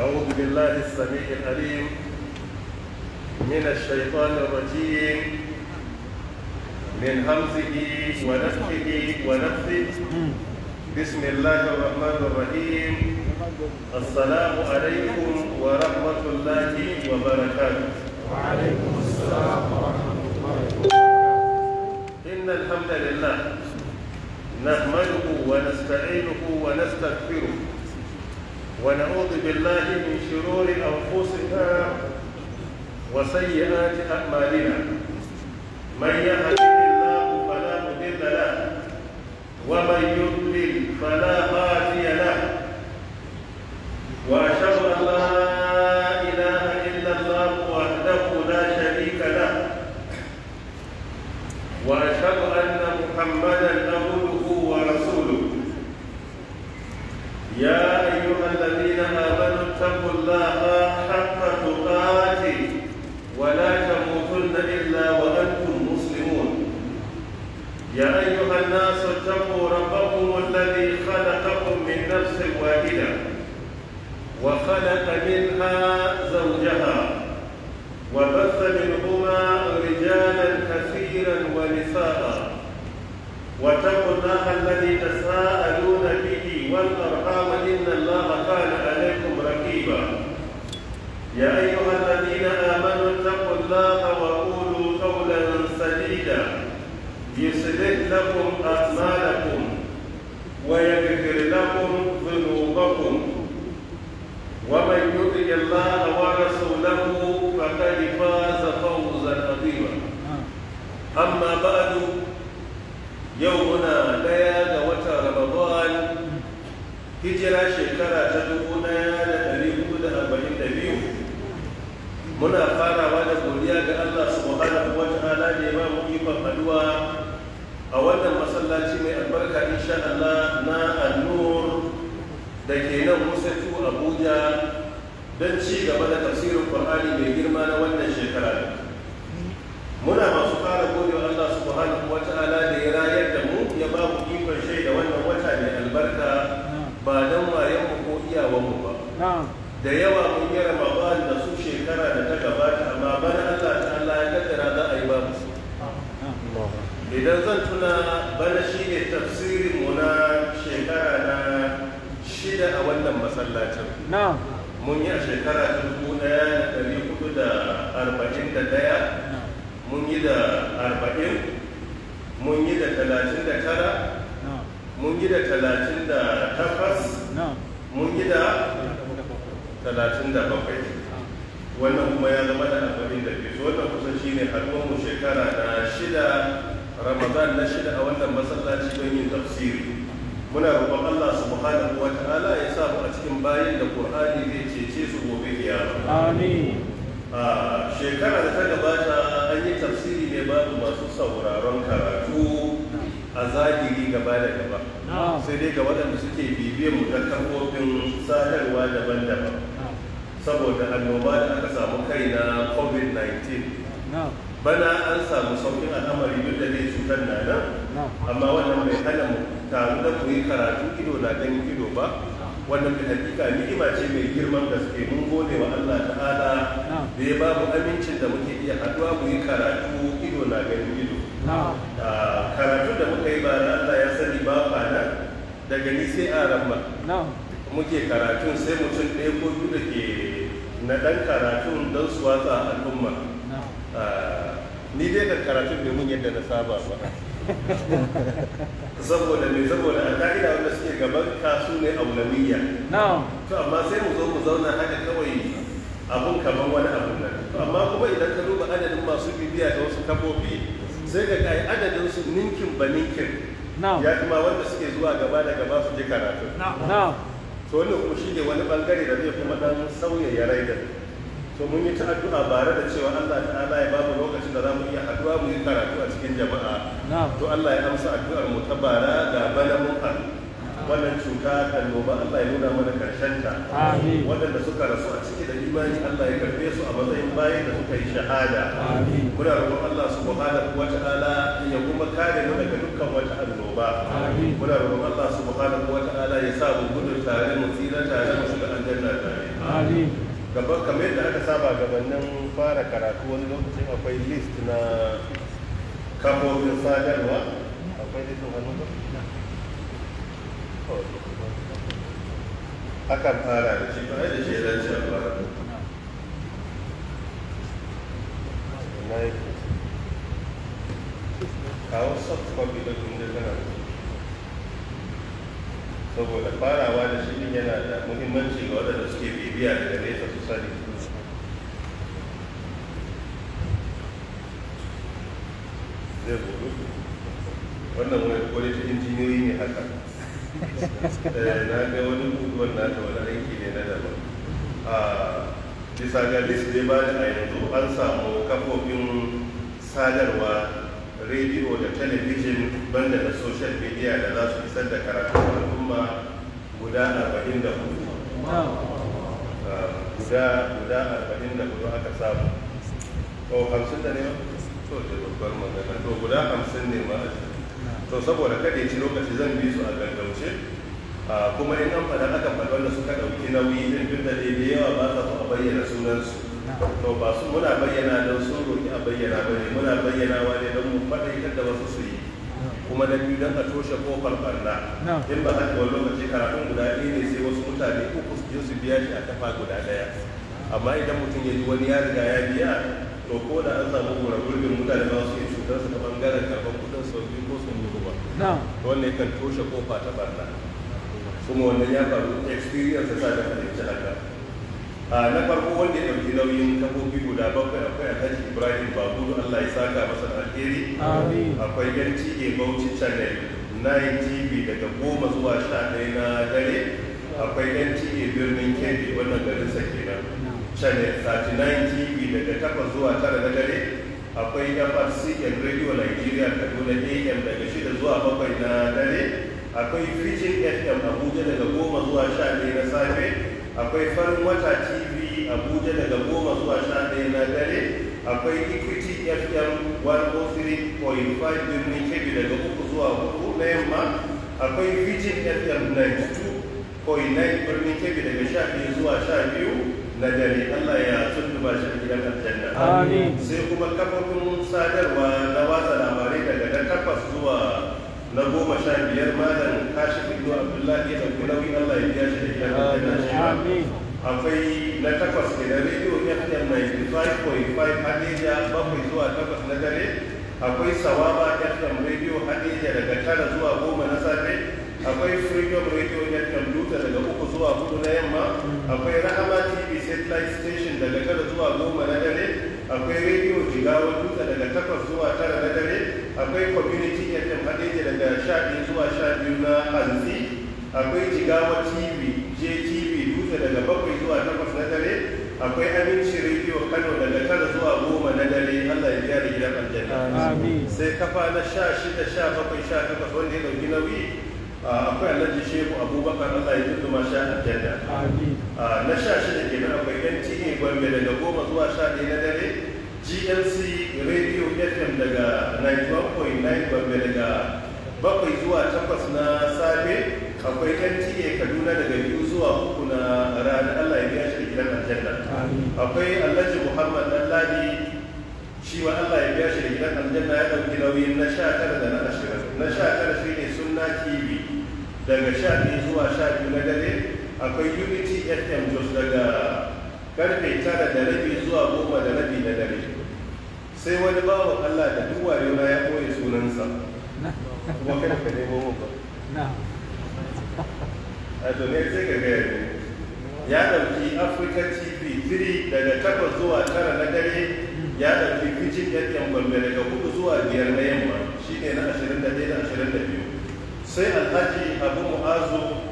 أعوذ بالله السميع العليم من الشيطان الرجيم من همزه ونفخه ونفثه بسم الله الرحمن الرحيم السلام عليكم ورحمة الله وبركاته وعليكم السلام ورحمة الله وبركاته إن الحمد لله نحمده ونستعينه ونستغفره ونعوذ بالله من شرور أنفسنا وسيئات أعمالنا من يهده الله فلا مضل له ومن يضلل فلا هادي له وأشهد وخلق منها زوجها وبث منهما رجالا كثيرا ونساء واتقوا الله الذي تساءلون به والارحام ان الله كان عليكم رقيبا يا ايها الذين امنوا اتقوا الله وقولوا قولا سديدا يصلح لكم اعمالكم ويغفر لكم ذنوبكم ومن يطع الله ورسوله فقد فاز فوزا عظيما اما بعد يومنا ديا ga watan ramadan hijira shekara ta dubu da muna farawa da godiya ga allah subhanahu wa ta'ala da ya ba mu ikon a wannan masallaci mai albarka insha allah don ci gaba da tafsirin Qur'ani mai girma na wannan shekara muna masu fara gode wa Allah subhanahu wa ta'ala da ya rayar da mu ya ba mu ikon shaida wannan wata mai albarka ba don wayan mu ko iyawan mu ba da yawa shekara ta dubu ɗaya da ɗari hudu da arba'in da ɗaya mun yi da arba'in mun yi da talatin da tara mun yi da talatin da takwas mun yi da talatin da bakwai wannan kuma ya zama da arba'in da biyu wannan kusan shi ne mu shekara da shida ramadan na shida a wannan masallaci don yin tafsiri muna roƙon Allah subhanahu wa ta'ala ya sa a cikin bayin da Qur'ani zai ce a shekara da ta gabata an yi tafsiri ne babu masu sauraron karatu a zahiri gaba da gaba sai dai ga waɗanda suke bibiyar mu ta kafofin sadarwa daban-daban saboda annoba da aka samu kai na covid-19 bana an samu saukin al'amari duk da zai cutar na nan amma wannan mai hana mu taru da ku yi karatu ido na ɗan ido ba wannan da hakika ni'ima ce mai girman gaske mun gode wa Allah ta'ala da ya babu amincin da muke iya haduwa mu yi karatu ido na gani ido karatu da muka yi ba na Allah ya sani ba kwana daga ni sai a ramma muke karatu sai mutum ɗaya ko biyu da ke na ɗan karatun don su watsa al'umma ni dai da karatun bai mun yadda na saba ba saboda me saboda a ta'ida wanda suke gaban su ne aulawiyya to amma sai mu zo mu zauna haka kawai abun kamar wani abu nan amma kuma idan ka duba adadin masu bibiya da wasu kafofi sai ka kai adadin su ninkin ba ninkin ya kuma wanda suke zuwa gaba da gaba su je karatu to wannan kuma shi ne wani bangare da zai kuma dan sauya ya raidar to mun yi ta addu'a bare da cewa Allah ta'ala ya babu lokacin da za mu iya addu'a mu yi karatu a cikin jama'a to Allah ya amsa addu'ar mu ta bara ga bana mun wannan cuta kan noba Allah ya nuna mana karshen ta wadanda suka rasu a ciki da imani Allah ya karbe su a matsayin bayan da suka yi shahada muna roƙon Allah subhanahu wa ta'ala ya kuma kare mu daga dukkan wata annoba muna roƙon Allah subhanahu wa ta'ala ya sa mu gudu tare mu tsira tare mu shiga aljanna tare gaba kamar yadda aka saba gabanin fara karatu wani lokacin akwai list na kafofin sadarwa akwai hannu oh, akan fara da shi da shi ya kawo soft copy da kundin saboda farawa da shirin yana da muhimmanci ga waɗanda suke bibiya daga nesa su sani zai wannan wani cikin jiniyoyi ne haka eh, na ga wani na ta wani aiki ne na daban a bisa ga dai ba da a yanzu an samu kafofin sadarwa rediyo da talabijin banda da social media da za su isar da karatun al'umma guda arba'in da hudu ah, guda guda arba'in da hudu aka samu to hamsin da ne to da babbar magana to guda hamsin ne ma to saboda kada ci lokaci zan bi su a gangauce ah, kuma in an faɗa aka faɗi wanda suka ɗauki nauyi ɗin duk da daidai yawa ba za su a bayyana sunansu to ba su muna bayyana don sun roƙi a bayyana ba ne muna bayyana bayyanawa ne don mu ita da wasu su yi kuma na biyu don a toshe kofar barna in ba haka wani lokaci karatun guda ɗaya ne sai wasu mutane uku su je su biya shi a kafa guda ɗaya amma idan mutum ya ji wani ya riga ya biya to ko da an samu gura gurbin mutane ba su yi cutar su ta bangaren karɓar kuɗin biyu ko sun yi ruwa wannan yakan toshe kofa ta barna kuma wannan ya faru experience ta sa da fahimci haka na farko wanda ya ɗauki nauyin kafofi guda bakwai akwai alhaji ibrahim babu allah ya saka masa alheri akwai yanci ke bauchi channel 9 tv daga goma zuwa sha ɗaya na dare akwai yanci ke birnin kebe wannan garin sa kenan channel 39 tv daga takwas zuwa tara na dare akwai frc and radio nigeria kaduna am daga shida zuwa bakwai na dare akwai fijin fm abuja daga goma zuwa sha ɗaya na safe akwai farin wata tv abuja daga goma zuwa sha ɗaya na dare akwai equity fm 103.5 birnin kebbi daga uku zuwa hudu na yamma akwai virgin fm 92.9 birnin kebbi daga sha ɗaya zuwa sha biyu na dare allah ya tuntuba shi gidan aljanna sai kuma kafofin sadarwa na wasa na goma sha biyar malam kashi ido abdullahi da kulawi allah ya biya shi da iya akwai na takwas ke da rediyo fm 95.5 hadeja bakwai zuwa takwas na dare akwai sawaba fm rediyo hadeja daga tara zuwa goma na safe akwai freedom radio network duta daga uku zuwa hudu na yamma akwai rahama tv satellite station daga tara zuwa goma na dare akwai rediyo jigawa dutse daga takwas zuwa tara na dare akwai community fm hadeji daga sha biyu zuwa sha biyu na hanzi akwai jigawa tv jtv dutse daga bakwai zuwa takwas na dare akwai aminci rediyo kano daga tara zuwa goma na dare allah ya biya da gidan aljanna sai kafa na sha shida sha bakwai sha takwas wanda ya ɗauki nauyi ah, akwai alhaji shehu abubakar allah ya tudduma sha aljanna ah, na sha shida maimaitanci ne gombe daga goma zuwa sha ɗaya na dare gnc radio fm daga 91.9 gombe daga bakwai zuwa takwas na safe akwai nta e kaduna daga biyu zuwa uku na rana allah ya biya shi gidan aljanna akwai alhaji muhammad ladi shi ma allah ya biya shi gidan aljanna ya ɗauki nauyin na sha tara da na ashirin na sha tara shi ne sunna tv daga sha biyu zuwa sha biyu na dare akwai unity fm jos daga karfe tara da rabi zuwa goma da rabi da dare sai wani bawan allah da duk na ya ɓoye sunansa kuma kada ka nemo ba a domin sai ka gaya ne ya ɗauki africa tv 3 daga takwas zuwa tara na dare ya ɗauki fijin fm gombe daga hudu zuwa biyar na yamma shi ne na ashirin da ɗaya da ashirin da biyu sai alhaji abu mu'azu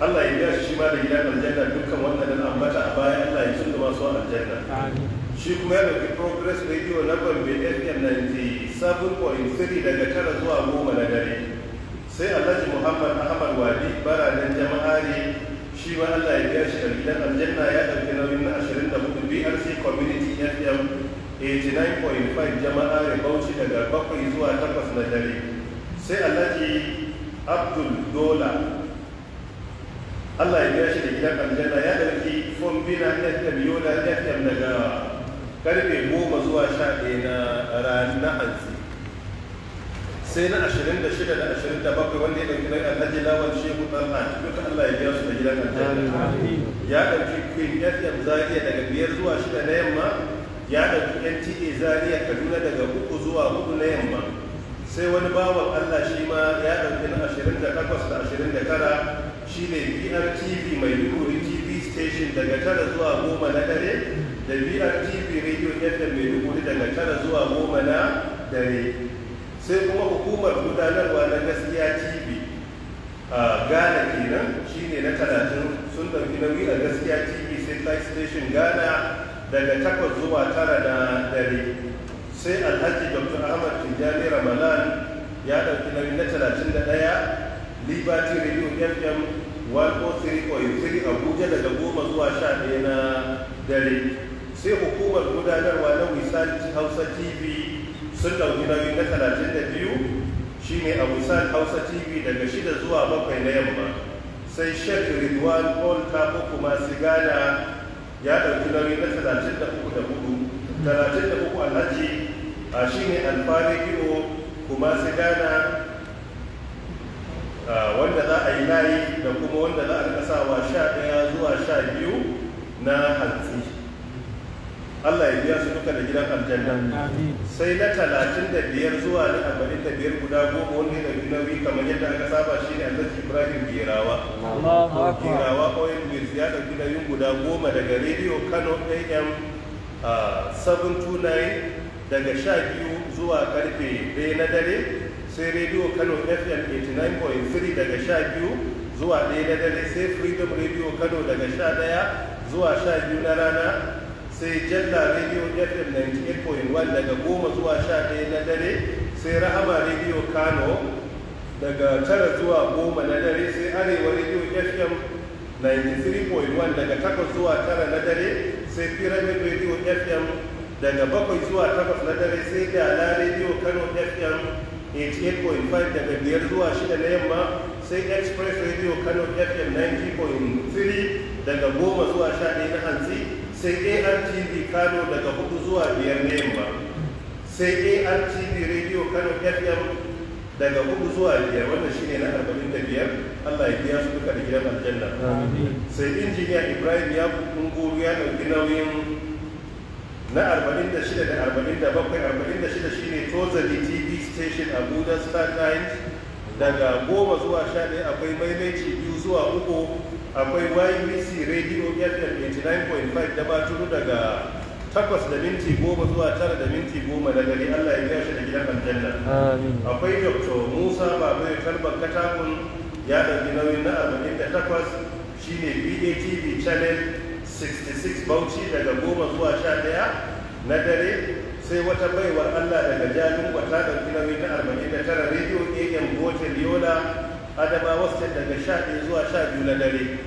Allah ya biya shi ma da gidan aljanna dukkan wannan ambata a baya Allah ya tunda masu aljanna shi kuma ya dauki progress radio na sabon FM firi daga tara zuwa goma na dare sai Alhaji Muhammad Ahmad Wadi baradan jama'ari shi ma Allah ya biya shi da gidan aljanna ya ɗauki nauyin na hudu BRC Community FM 89.5 jama'a ya bauchi daga bakwai zuwa takwas na dare sai alhaji abdul dola Allah ya biya shi da gidan aljanna ya ɗauki fombina ya tabiyo da ya daga karfe goma zuwa sha ɗaya na ranar hantsi sai na ashirin da shida da ashirin da bakwai wanda ya ɗauki na alhaji lawan shehu ɗan'a duka Allah ya biya su da gidan aljanna ya ɗauki queen fm zaria daga biyar zuwa shida na yamma ya ɗauki nta zaria kaduna daga uku zuwa hudu na yamma sai wani bawan Allah shi ma ya ɗauki na ashirin da takwas da ashirin da tara Shi ne brtv mai duguri tv station daga tara zuwa goma na dare da brtv radio fm mai duguri daga tara zuwa goma na dare sai kuma hukumar gudanarwa na gaskiya tv a ghana kenan shi ne na talatin sun ɗauki nauyi a gaskiya tv sai light station ghana daga takwas zuwa tara na dare sai alhaji dr ahmad tijjani ramadan ya ɗauki nauyi na talatin da ɗaya liberty radio fm 103.3 abuja daga goma zuwa sha ɗaya na dare sai hukumar gudanarwa na wisal hausa tv sun ɗauki nauyi na talatin da biyu shine a wisal hausa tv daga shida zuwa bakwai na yamma sai shek ridwan paul kapo kuma sigana ya ɗauki nauyi na talatin da uku da hudu talatin da uku alhaji a shine alfari kuma sigana wanda za a yi layi da kuma wanda za a kasawa sha ɗaya zuwa sha biyu na hantsi Allah ya biya su duka da gidan aljanna sai na talatin da biyar zuwa na arba'in da biyar guda goma wani ya ɗauki nauyi kamar yadda aka saba shi ne Allah Ibrahim birawa birawa oil mills ya ɗauki nauyin guda goma daga rediyo Kano AM 729 daga sha biyu zuwa karfe ɗaya na dare sai rediyo kano fm 89.3 daga sha biyu zuwa ɗaya na dare sai freedom radio kano daga sha ɗaya zuwa sha biyu na rana sai jalla radio fm 98.1 daga goma zuwa sha ɗaya na dare sai rahama radio kano daga tara zuwa goma na dare sai arewa radio fm 93.1 daga takwas zuwa tara na dare sai pyramid radio fm daga bakwai zuwa takwas na dare sai dala radio kano fm 88.5 daga biyar zuwa shida na yamma sai express radio kano fm 90.3 daga goma zuwa sha na hantsi sai artv kano daga hudu zuwa biyar na yamma sai artv radio kano fm daga hudu zuwa biyar shi shine na arba'in da biyar allah ya biya su duka da gidan aljanna sai injiniya ibrahim ya kungo ya ɗauki nauyin na arba'in da shida da arba'in da bakwai arba'in da shida shine tozali tv station abuja star times daga goma zuwa sha ɗaya akwai maimaici biyu zuwa uku akwai ybc radio fm 89.5 da baturu daga takwas da minti goma zuwa tara da minti goma da gari allah ya gashi da gidan aljanna akwai dr musa ya kalmar katakun ya ɗauki nauyin na abu da takwas shine batv channel 66 bauchi daga goma zuwa sha ɗaya na dare sai wata baiwar Allah daga jamin wata da kilomita arba'in da tara rediyo am gotel yola adama wasu daga sha ɗaya zuwa sha biyu na dare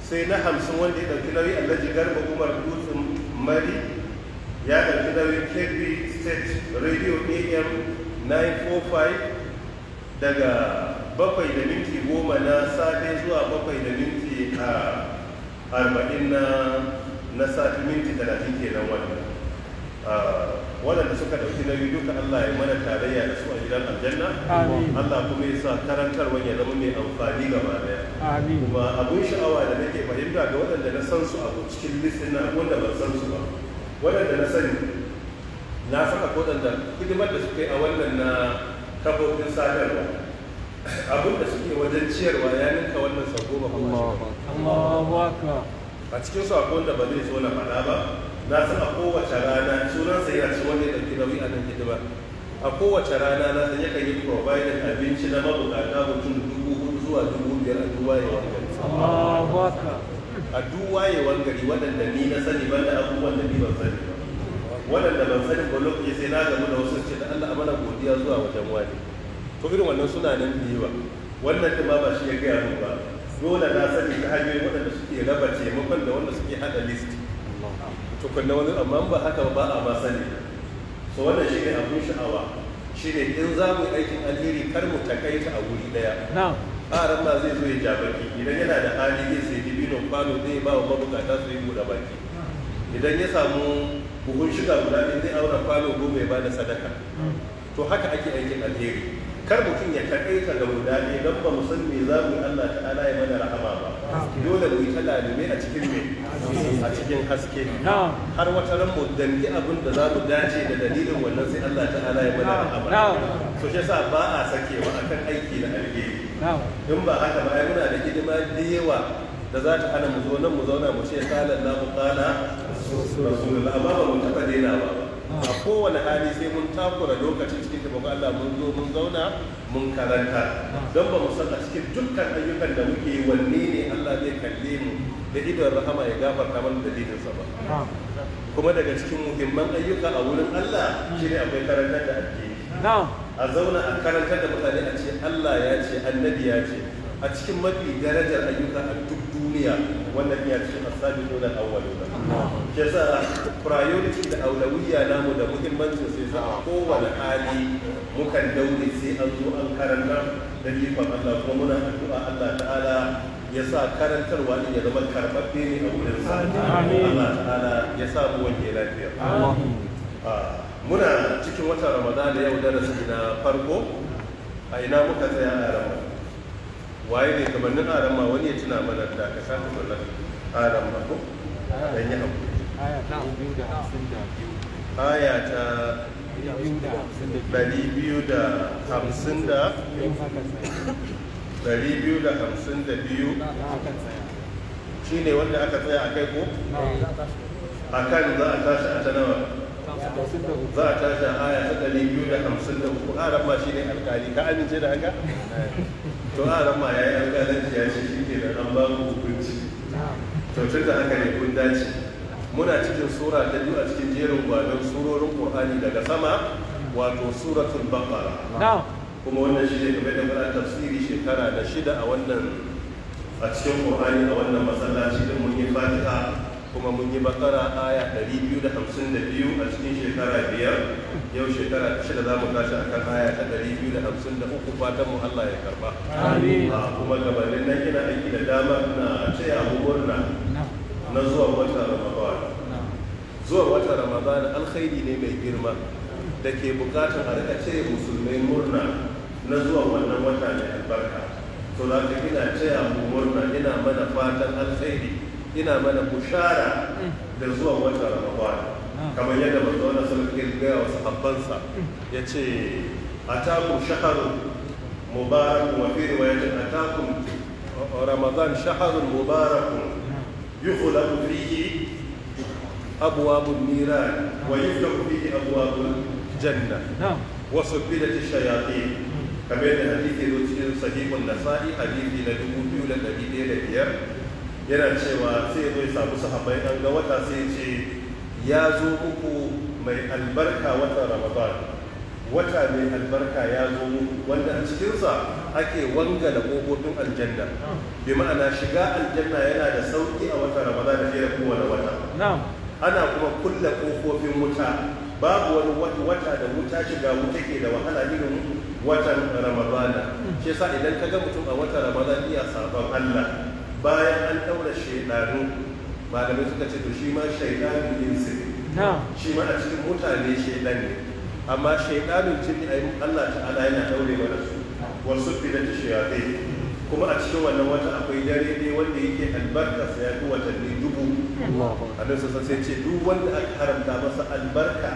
sai na hamsin wanda ya ɗauki nauyi alhaji garba umar dutsen mari ya ɗauki nauyin kb state radio am 945 daga bakwai da minti goma na safe zuwa bakwai da minti arba'in na sati minti talatin kenan wannan waɗanda suka ɗauki nauyi duka Allah ya mana tarayya da su a gidan aljanna Allah kuma ya sa karantarwa ya zama mai amfani gaba daya kuma abun sha'awa da nake fahimta ga waɗanda na san su a cikin listin na wanda ban san su ba waɗanda na sani na saka akwai waɗanda hidimar da suka yi a wannan na kafofin sadarwa abin da suke wajen ciyarwa ya ninka wannan sau goma kuma a cikin su akwai wanda ba zai zo na faɗa ba na san a kowace rana sai yana ci wanda ya ɗauki nauyi a nan hidima a kowace rana na san yakan yi providing abinci na mabukata mutum dubu hudu zuwa dubu biyar a gari. a duk gari waɗanda ni na sani ban da abubuwan da ni ban sani ba waɗanda ban sani ba lokaci sai na gamu da wasu ce da Allah mana godiya zuwa wajen wani to irin wannan suna nan da ba? wannan ɗin ma ba shi ya gaya mun ba dole na sani ta hanyoyin waɗanda suke raba taimakon da wanda suke haɗa list tukunna wani amma ba haka ba a ba sani so wannan shi ne abin sha'awa shi ne in za mu aikin alheri kar mu ta a wuri daya a ma zai zo ya ja baki idan yana da hali zai sai dibino kwano zai ba wa mabukata su yi buɗe baki idan ya samu buhun shiga guda ɗin zai aura kwano goma ya ba da sadaka to haka ake aikin alheri kar mutum ya taƙaita ga guda ɗaya don ba mu san me za mu yi Allah ta'ala ya mana rahama ba dole mu yi ta lalume a cikin me a cikin haske har wata ran mu dangi abin da za mu dace da dalilin wannan sai Allah ta'ala ya mana rahama so shi yasa ba a sakewa akan aiki da alheri in ba haka ba ai muna da hidima da yawa da za ta hana mu zo nan mu zauna mu ce qala mu qala rasulullah amma ba mu taɓa daina ba a kowane hali sai mun takura lokacin cikin taimakon Allah mun zo mun zauna mun karanta don ba mu san cikin dukkan ayyukan da muke yi wanne ne Allah zai kalle mu da idon rahama ya gafarta mana dalilinsa ba kuma daga cikin muhimman ayyuka a wurin Allah shine akwai karantar da ake a zauna a karantar da mutane a ce Allah ya ce annabi ya ce a cikin mafi darajar ayyukan a duk duniya wannan iya cikin asabiqun al-awwalun sa yasa priority da aulawiyya namu da muhimmancin sai sa kowane hali mukan daure sai an zo an karanta da ikon Allah kuma muna addu'a Allah ta'ala ya sa karantarwa ne ya zama karɓaɓɓe ne a wurin sa Allah ta'ala ya sa mu wanke lafiya muna cikin watan ramadana yau darasi na farko a ina muka tsaya a Ramadan waye ne gabanin aran ma wani ya tuna mana da ka sake wannan aran ma ko dan yi hakuri aya ta biyu da da hamsin biyu. aya ta biyu. shi ne wanda aka tsaya a kai ko? a kan za a tashi a tanawa za a tashi a aya ta biyu da hamsin 253 a ramma shi ne alkali ka amince da haka? Eh. to a ran ma yayi alƙalanci ya ce shi kenan an ba mu hukunci to tun da haka ne kun dace muna cikin sura ta biyu a cikin jerin gwanon surorin qur'ani daga sama wato suratul baqara kuma wannan shi ne game da fara tafsiri shekara da shida a wannan a cikin qur'ani a wannan masallaci da mun yi fatiha kuma mun yi bakara aya 252 a cikin shekara biyar yau shekara ta shida za mu tashi akan aya ta 253 fatan mu Allah ya karba kuma gabanin nan ina aiki da dama na taya mu murna na zuwa wata ramadan zuwa wata ramadan alkhairi ne mai girma da ke bukatar a rika ce musulmai murna na zuwa wannan wata mai albarka to za ka ina taya mu murna ina mana fatan alkhairi ina mana bushara da zuwa watan ramadan kamar yadda manzo Allah sallallahu alaihi wasallam ya sahabbansa yace ataku shahru mubarak wa fi riwayatin atakum ramadan shahrun mubarak yukhlaqu fihi abwabun niran wa yuftahu fihi abwabul janna wa sufilat ash-shayatin kamar yadda hadithi zo cikin sahihun nasa'i hadithi na 2105 yana cewa sai zo ya samu sahabbai an ga wata sai ce ya zo muku mai albarka watan ramadan wata mai albarka ya zo muku wanda a cikinsa ake wanga da kofofin aljanna bi ma'ana shiga aljanna yana da sauki a watan ramadan da fiye da kowane wata ana kuma kulle kofofin wuta babu wani wata da wuta shiga wuta ke da wahala irin watan ramadana shi yasa idan ka ga mutum a watan ramadana iya sabon allah bayan an ɗaura shaidanu malamai suka ce to shi ma shaidanu yin sirri shi ma a cikin mutane shaidan ne amma shaidanun jini a Allah ala yana daure mana su wasu filan shayatai kuma a cikin wannan wata akwai dare ne wanda yake albarka sa ya fi watanni dubu annabi sassan sai ce duk wanda aka haramta masa albarka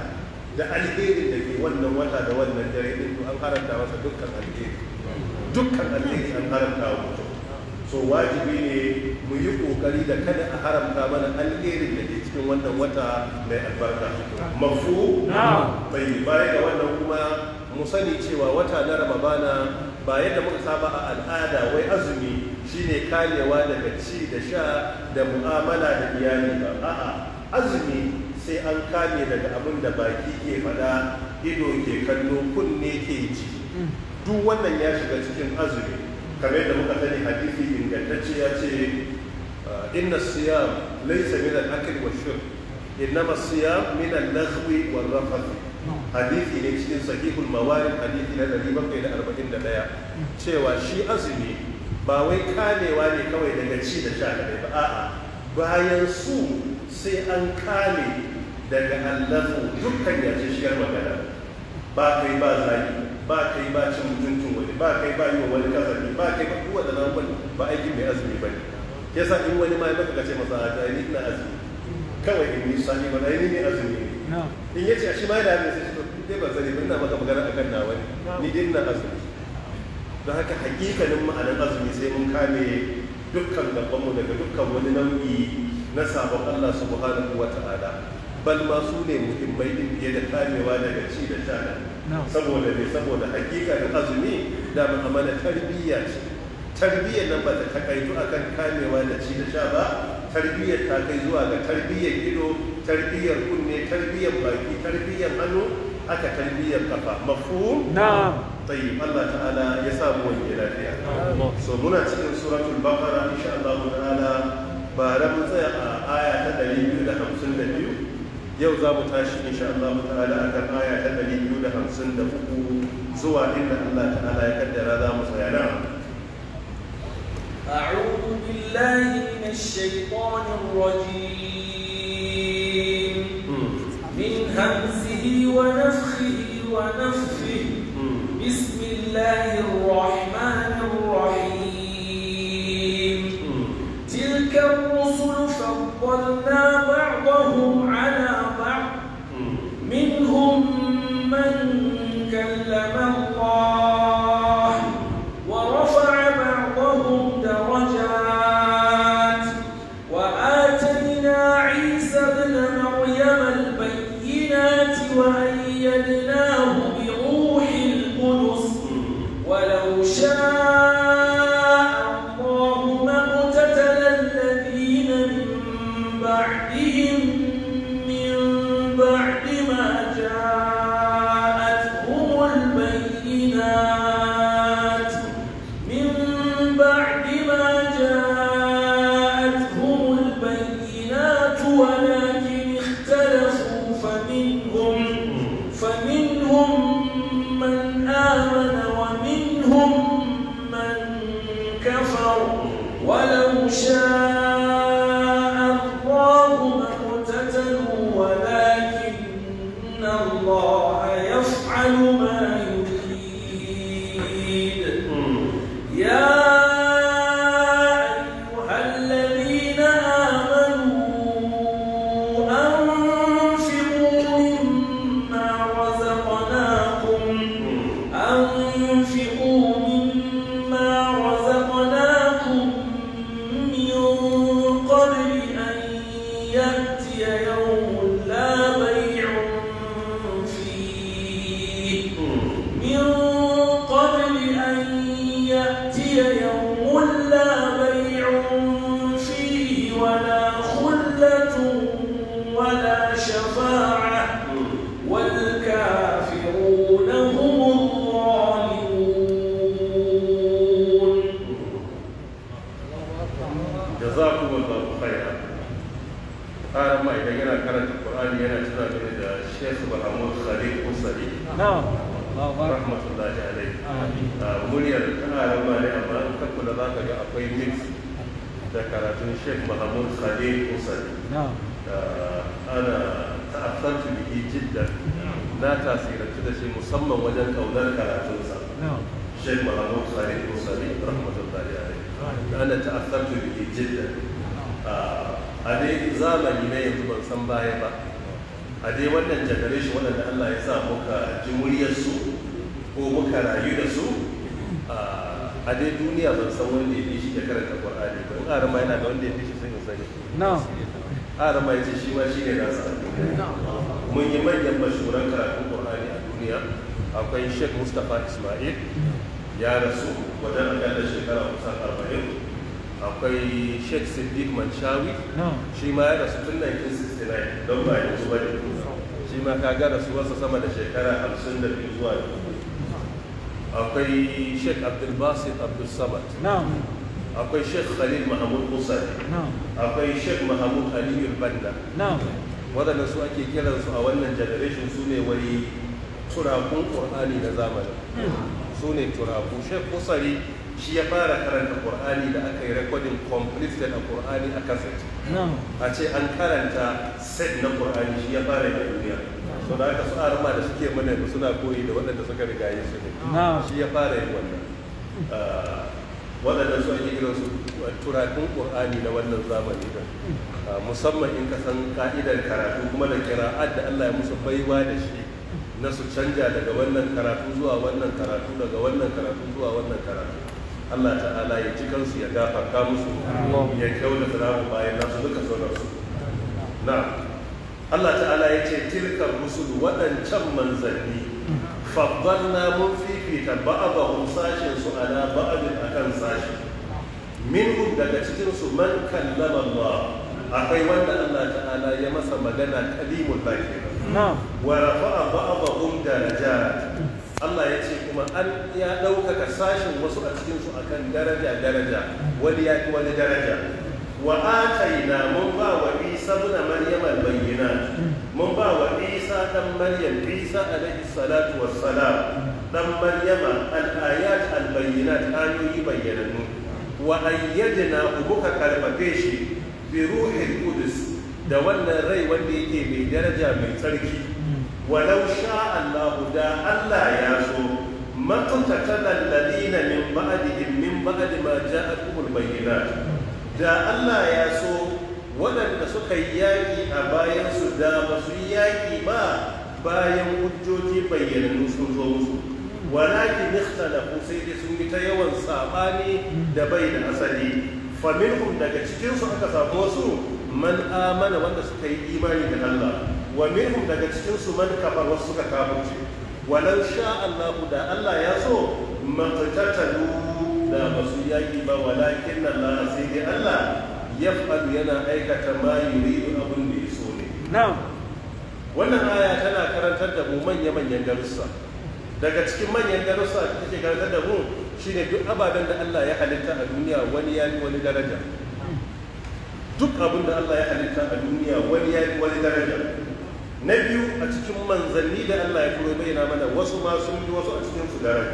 da alherin da ke wannan wata da wannan dare din to an haramta masa dukkan alheri dukkan alheri an haramta wa mutum so wajibi ne mu yi kokari da kada a haramta mana alherin da ke cikin wannan wata mai albarka mafu bai baya ga wannan kuma mu sani cewa wata na ramabana ba yadda muka saba a al'ada wai azumi shine karewa daga ci da sha da mu'amala da iyali ba a'a azumi sai an kame daga abin da baki ke faɗa ido ke kallo kunne ke ji mm. duk wannan ya shiga cikin azumi kamar da muka sani hadisi ingantacce ya ce ah, inna siya laysa min al-akl wa shurb innama siyam min al-laghwi wa rafath hadisi ne cikin sahihul mawarid hadisi na 741 cewa shi azumi ba wai karewa ne kawai daga ci da sha kadai ba a'a bayan su sai an kare daga allahu dukkan yace shiyar magana ba kai ba zaki ba kai ba cin mutuncin wani ba kai ba yi wa wani kazafi ba kai ba kowa da nan ba aikin mai azumi ba ne sa in wani ma ya baka kace masa a ni ina azumi kawai in ni sani ba ni ne azumi ne in yace a shi ma yana abin sai dai ban zane ba ina maka magana akan na wani ni dai ina azumi don haka hakikanin ma'anar azumi sai mun kame dukkan gabanmu daga dukkan wani nau'i na sabon Allah subhanahu wa ta'ala bal ma su ne muhimmai din fiye da kamewa daga ci da sha saboda ne saboda hakikanin azumi da mana tarbiyya ce tarbiyyar nan ba ta takaitu akan kamewa da ci da sha ba tarbiyyar ta kai zuwa ga tarbiyyar ido tarbiyyar kunne tarbiyyar baki tarbiyyar hannu haka tarbiyyar kafa mafu. na. tayyib Allah ta'ala ya samu wani lafiya so muna cikin suratul baqara insha Allah ta'ala bara mun tsaya a aya ta 252 yau za mu tashi sha Allah ta'ala kar aya ta ɗari biyu da hamsin da uku zuwa inda Allah ta'ala ya kaddara za mu tsaya na أعوذ بالله من الشيطان الرجيم من همزه ونفخه ونفخه بسم الله الرحمن الرحيم تلك الرسل فضلنا ma ka ga rasuwarsa sama da shekara hamsin da biyu zuwa dubu akwai sheikh abdul basit abdul samad akwai sheikh khalil mahamud musali akwai sheikh mahamud aliyu banda waɗanda su ake kiransu a wannan generation su ne wani turakun ƙur'ani na zamani su ne turaku sheikh musali shi ya fara karanta ƙur'ani da aka yi rekodin completed a ƙur'ani a kaset a ce an karanta set na ƙwararri shi ya fara da duniya so da aka su arama da suke mana da suna koyi da waɗanda suka riga yi su ne shi ya fara yi wannan ah, waɗanda su ake kiran su turakun na wannan zamani da ah, musamman in ka san ka'idar karatu kuma da kira da Allah ya musu baiwa da shi na su canja daga wannan karatu zuwa wannan karatu daga wannan karatu zuwa wannan karatu Allah ta'ala ya ji kansu ya gafarta musu ya da namu bayan nasu duka sauransu na Allah ta'ala ya ce tilkar rusul waɗancan manzanni faddalna mun fifita ba'dahum sashen su ala ba'din akan sashi minhum daga cikin su man kallama Allah akwai wanda Allah ta'ala ya masa magana kalimul a wa rafa'a ba'dahum darajat Allah ya ce kuma an ya ɗaukaka sashen wasu a cikinsu a kan daraja-daraja wani ya fi wani daraja wa na mun ba wa isa muna maryam albayyana mun ba wa isa ɗan maryam isa alaihi salatu wassalam ɗan maryama al'ayat albayyana ayoyi bayyanannu wa ayyadna ka karfafe shi bi ruhin da wannan rai wanda yake mai daraja mai tsarki walau Allah da Allah ya so maqtatalan ladina min ba'dihim min ba'di ma ja'atuhum bayyinat da Allah ya so waɗanda suka yi yaƙi a bayan su da ba su yi yaƙi ba bayan hujjoji bayyanannu sun zo musu walakin ikhtalafu sai dai sun yi ta yawan saɓani da bai da asali faminhum daga cikinsu aka samo su man'amana amana wanda suka yi imani da Allah wa minhum daga cikin su man kafar wasu suka kafirce walau sha Allah da Allah ya so matatalu da basu yaki ba walakin Allah sai dai Allah ya yaf'al yana aikata ma yuridu abun da ya so ne na'am wannan aya tana karantar da mu manya-manyan darussa daga cikin manyan darussa da take karantar da mu shine duk ababen da Allah ya halitta a duniya wani ya wani daraja duk abin da Allah ya halitta a duniya wani ya wani daraja na biyu a cikin manzanni da Allah ya kuro bayyana mana wasu ma sun yi wasu a cikin su Ba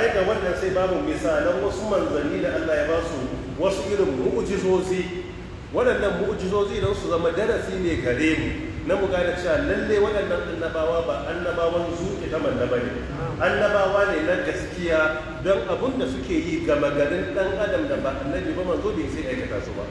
baya ga wannan sai babu misalan wasu manzanni da Allah ya ba su wasu irin mu'ujizozi waɗannan mu'ujizozi don su zama darasi ne gare mu na mu gane cewa lalle waɗannan annabawa ba annabawan ke ta manna bane annabawa ne na gaskiya don abin da suke yi gama garin ɗan adam da ba annabi ba manzo bai sai aikata su ba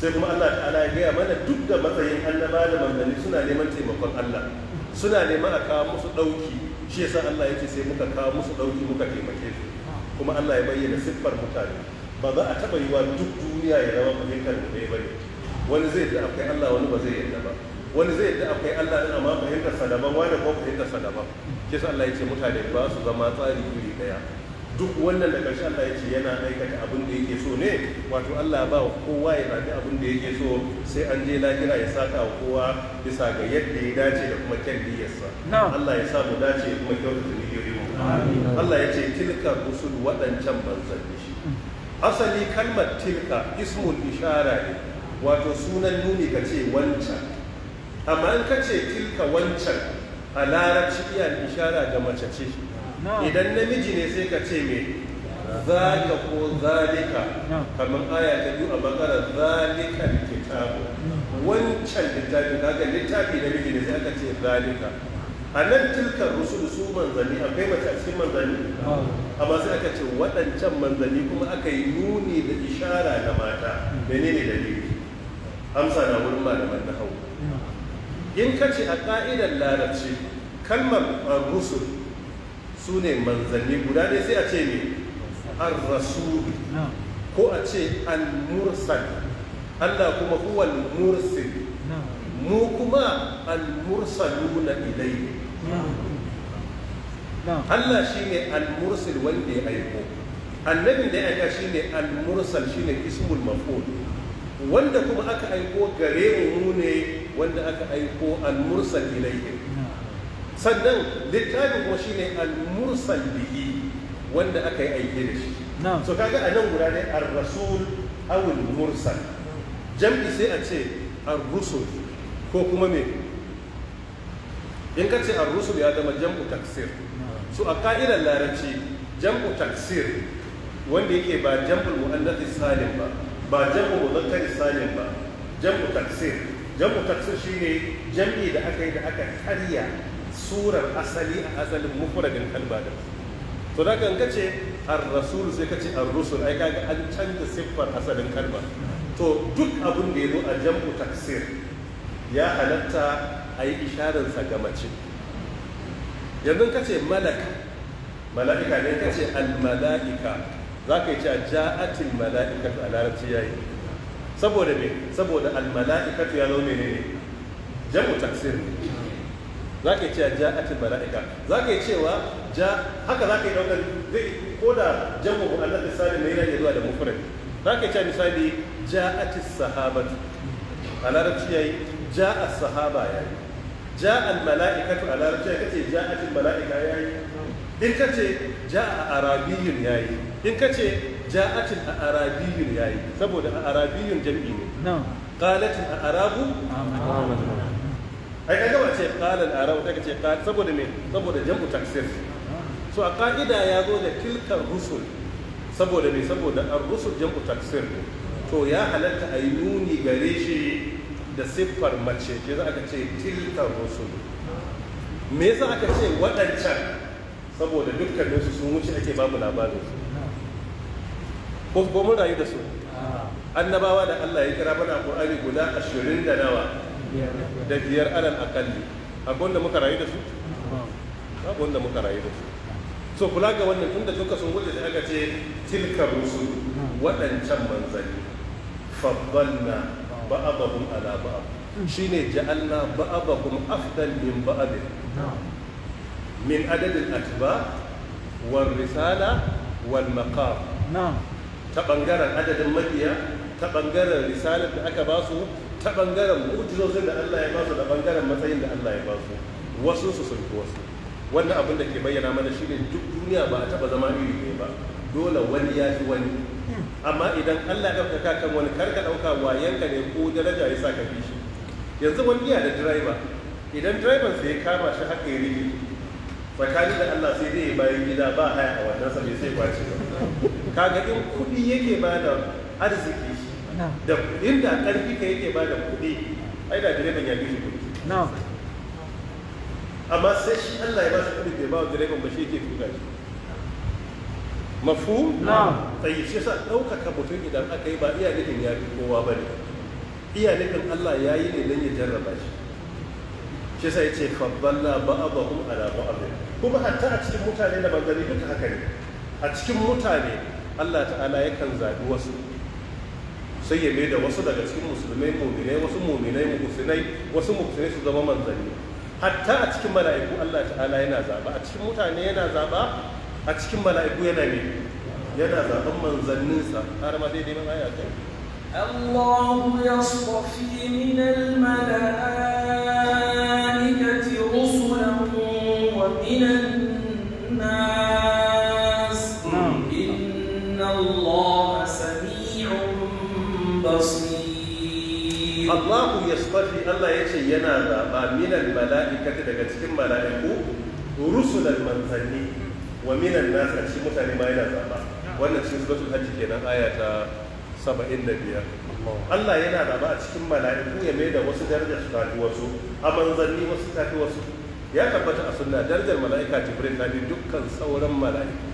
sai kuma Allah ta'ala ya gaya mana duk da matsayin annaba da manzanni suna neman taimakon Allah suna neman a kawo musu ɗauki shi yasa Allah ya ce sai muka kawo musu ɗauki muka taimake su kuma Allah ya bayyana siffar mutane ba za a taɓa wa duk duniya ya zama fahimtar da ne bane wani zai ji akwai Allah wani ba zai yadda ba wani zai yarda akwai Allah ɗin amma fahimtar sa daban wani ko fahimtar sa daban shi yasa Allah ya ce mutane ba su zama tsari iri ɗaya duk wannan da ƙarshe Allah ya ce yana aikata abin da yake so ne wato Allah ba wa kowa ya rabi abin da yake so sai an je lahira ya saka wa kowa bisa ga yadda ya dace da kuma kyan diyarsa Allah ya sa mu dace kuma kyautata niyyoyin mu Allah ya ce tilka rusul waɗancan shi. asali kalmar tilka ismul ishara ne wato sunan nuni ka ce wancan amma in ka ce tilka wancan a larabci iya ishara ga mace ce idan namiji ne sai ka ce me zalika ko zalika kamar aya ta biyu a bakara zalika littafi wancan littafi ga littafi da miji ne sai aka ce zalika a nan tilkar da su manzanni akwai mace a cikin manzanni amma sai aka ce waɗancan manzanni kuma aka yi nuni da ishara da mata menene dalili amsa na wurin malaman na hau in ka ce a ƙa'idar larabci kalmar uh, rusul su ne manzanni guda ne sai a ce ne an rasu ko a ce an mursal Allah kuma huwal mursil mu kuma al na ilai. Allah shine al wanda ya aiko annabin da ya aika shine al mursal shine ismul maf'ul wanda kuma aka aiko gare mu ne wanda aka aiko al mursal ilayhi sannan littafin kuma shine al-mursal bihi wanda aka yi aiki da shi so kaga a nan guda ne ar-rasul aw al-mursal jam'i sai a ce ar-rusul ko kuma me in ka ce ar-rusul ya zama jam'u taksir so a ka'idar larabci jam'u taksir wanda yake ba jam'ul muannath salim ba ba jam'u mudhakkar salim ba jam'u taksir jam'u taksir shine jam'i da aka yi da aka karya surar asali a asalin mufradin kalma din to da kan kace ar-rasul sai kace ar-rusul ai kaga an canza siffar asalin kalma to duk abin da yazo a jam'u taksir ya halatta ai isharar sa ga mace yanzu kace malaka mala'ika ne kace al-mala'ika zaka yi ja'atil mala'ika a larabci yayi saboda me saboda al malaika ya zo menene jam'u taksir ne za ka cewa atin mala'ika za ka cewa ja haka za ka yi daukar zai ko da jam'u mu'annas misali mai rage zuwa da mufurin za ka cewa misali ja'atis sahaba a larabci ja a sahaba yayi ja'al mala'ika a larabci ya kace bala'ika ya yi in kace arabiyun ya yi in kace arabiyun ya yi saboda a arabiyun jam'i ne a arabu amanu ai kaga ba ce qala a rawa ce saboda me saboda jam'u taksir so a ka'ida ya zo da tilkar rusul saboda me saboda ar rusul jam'u taksir to ya halatta a yi nuni gare shi da siffar mace ke za aka ce tilkar rusul me yasa aka ce waɗancan saboda dukkaninsu sun wuce ake babu labarin ko mun rayu da su ah. annabawa da Allah ya kira mana Qur'ani guda 20 da nawa da biyar alal akalli akwai wanda muka rayu da su babu wanda muka rayu da su so kula ga wannan tunda duka sun wuce da aka ce tilka rusul waɗancan manzanni faddalna ba'abahum ala ba'ab shine ja'alna ba'abahum afdal min ba'ab min adad al-atba wal risala wal maqam na'am ta bangaren adadin mabiya ta bangaren risalar da aka ba su. ta bangaren mu'jizozin da Allah ya ba su da bangaren matsayin da Allah ya ba su wasu su sun fi wasu wannan abin da ke bayyana mana shine duk duniya ba a taba zama iri ne ba dole wani ya fi wani amma idan Allah ya ɗaukaka kan wani karka ɗauka yanka ne ko daraja ya sa ka fi shi yanzu wani iya da direba idan direban sai ya kama shi haka ya rige tsakani da Allah sai zai bayan gida ba haya a wannan sa sai kwace kaga in kuɗi yake ba da arziki da inda karfi ka yake ba da kuɗi ai da direban ya bishi kuɗi amma sai shi Allah ya ba su kuɗi bai ba wa direban ba shi yake tuka shi mafu na tsayi shi sa ɗaukaka mutum idan aka yi ba iya nufin ya fi kowa ba ne iya nufin Allah ya yi ne don ya jarraba shi shi sa ya ce fabballa ba'abahum ala ba'abin kuma hatta a cikin mutane da manzanni duka haka ne a cikin mutane Allah ta'ala yakan zaɓi wasu sai ya mai da wasu daga cikin musulmai muminai wasu muminai muhsinai wasu muhsinai su zama manzanni hatta a cikin mala'iku Allah ta'ala yana zaba a cikin mutane yana zaba a cikin mala'iku yana ne yana zaban manzanninsa har ma dai-dai ban aya kai الله يصطفي من الملائكة Allah yastafi Allah yace yana zaba minal mala'ikati daga cikin mala'iku rusulan manzanni wa minan nas shi mutane ma yana zaba wannan shi suratul hajj kenan aya ta 75 Allah yana zaba a cikin mala'iku ya mai da wasu daraja su tafi wasu a manzanni wasu tafi wasu ya tabbata a sunna darajar mala'ika jibril ta bi dukkan sauran mala'iku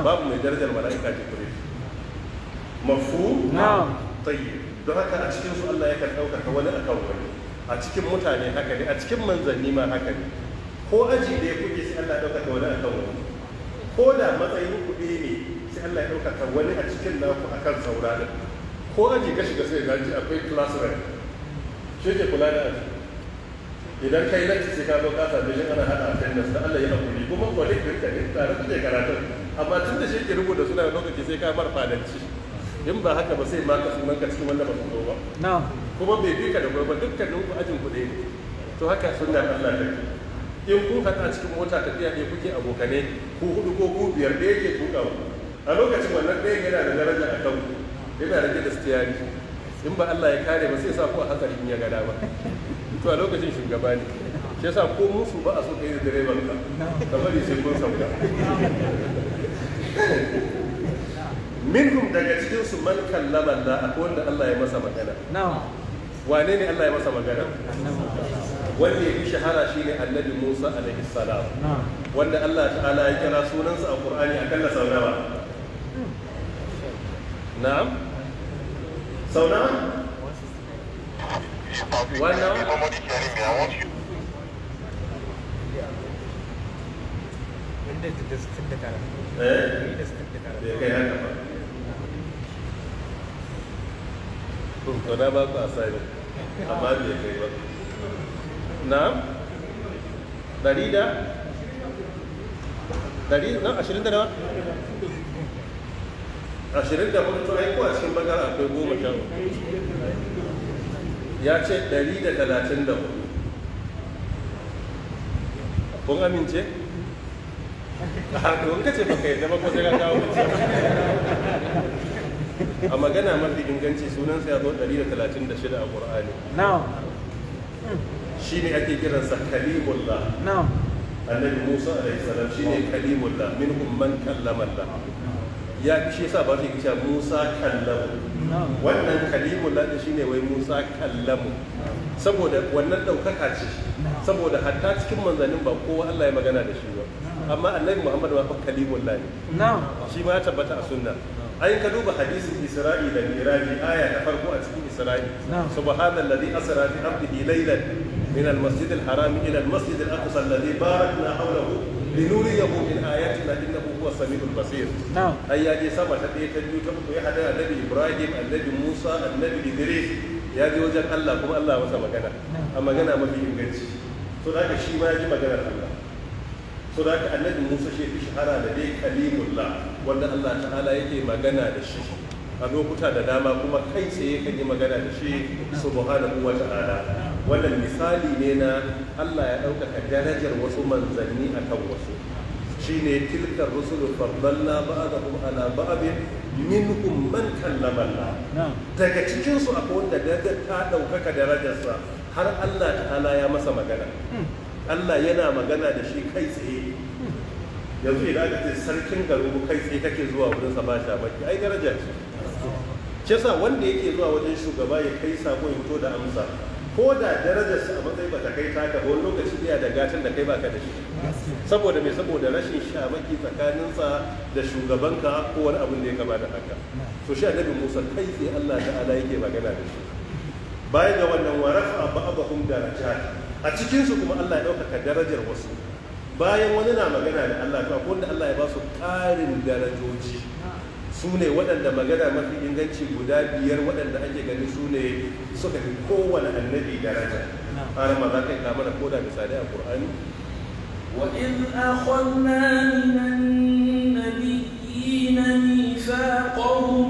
babu mai darajar mala'ika jibril mafu na'am tayyib don haka a cikin su Allah yakan ɗaukaka wani akan wani a cikin mutane haka ne a cikin manzanni ma haka ne ko aji da ya kuɗe sai Allah ya ɗaukaka wani akan wani ko da matsayin kuɗi ne sai Allah ya ɗaukaka wani a cikin naku akan saura ɗin ko aji ka shiga sai zaji akwai class rank shi ke kula da aji idan kai lati sai ka zo ka sami shi ana hada attendance da Allah ya hakuri kuma kwalifin ka ne tare da karatun amma tun da shi ke rubuta suna da lokaci sai ka mara fadanci in ba haka ba sai ma ka sunan ka cikin wanda ba ku ba kuma bai bi ka da gwai ba dukkanin ku ajin ku ne to haka da Allah ta in kun haɗa cikin mota tafiya ne kuke abokane ku hudu ko ku biyar ɗaya ke tuka ku a lokacin wannan ɗaya yana da daraja a kan ku yana rage da stiyari in ba Allah ya kare ba sai sa ku a hatsari in ya gada ba to a lokacin shugaba ne shi yasa ko musu ba a so kai da direban ka kamar sai kun sauka minhum daga cikin su man kallama Allah akwai wanda Allah ya masa magana wane ne Allah ya masa magana wanda ya fi shahara shine annabi Musa alaihi salam wanda Allah ta'ala ya kira sunansa a Qur'ani akalla sau nawa na'am sau nawa wannan Eh? Bai kai da ba. to na ba ku asali amma bai kai ba na ɗari da ɗari na ashirin da nawa ashirin da hudu aiko a cikin bakar akwai goma sha ya ce ɗari da talatin da hudu kun amince? a haɗu in ka ce baka yi zama ko sai ka kawo mutum a magana mafi inganci sunansa ya zo 136 a ƙur'ani shi ne ake kiransa kalimulla annabi musa alaihi salam shi ne kalimulla min umman kallamallah ya shi yasa ba su yi kisha musa kallamu wannan da shi ne wai musa kallamu saboda wannan daukaka ce saboda hatta cikin manzannin ba kowa Allah ya magana da shi ba amma annabi muhammad ma fa kalimullah ne shi ma ya tabbata a sunna ai ka duba hadisin isra'i da miraji aya ta farko a cikin isra'i subhanal ladhi asra bi abdihi laylan min al masjid al haram ila al masjid al aqsa alladhi barakna hawlahu linuriyahu min ayatina innahu huwa samiul basir ai ya je sama ta ɗaya ta biyu ta uku ya hada annabi ibrahim annabi musa annabi idris ya je wajen Allah kuma Allah masa magana a magana mafi inganci to da shi ma ya ji maganar Allah so da annabi musa shi fi shahara da dai kalimullah wanda allah ta'ala yake magana da shi a lokuta da dama kuma kai tsaye kan yi magana da shi subhanahu wa ta'ala wannan misali ne na allah ya ɗaukaka darajar wasu manzanni kan wasu shine tilkar rusulu faddalla ba'dahum ala ba'din minhum man kallama Allah daga cikin su akwai wanda daga ta ɗaukaka darajarsa har Allah ta'ala ya masa magana hmm. Allah yana magana da shi kai tsaye yanzu idan aka ce sarkin garin kai sai kake zuwa wurin sa ba shi baki ai daraja ce ce sa wanda yake zuwa wajen shugaba ya kai sako ya fito da amsa ko da darajar sa a matsayin bata kai taka ba lokaci iya da gatan da kai baka da shi saboda mai saboda rashin baki tsakaninsa da shugabanka ko wani abin da ya kamata haka to shi annabi Musa kai sai Allah ta'ala yake magana da shi bayan ga wannan warafa ba'dahum darajat a cikin su kuma Allah ya ɗaukaka darajar wasu bayan wani na magana da Allah ta wanda Allah ya ba su ƙarin darajoji su ne waɗanda magana mafi inganci guda biyar waɗanda ake gani su ne suka fi kowane annabi daraja har ma za ka yi kamar ko da misali a Qur'ani وإذ أخذنا من النبيين ميثاقهم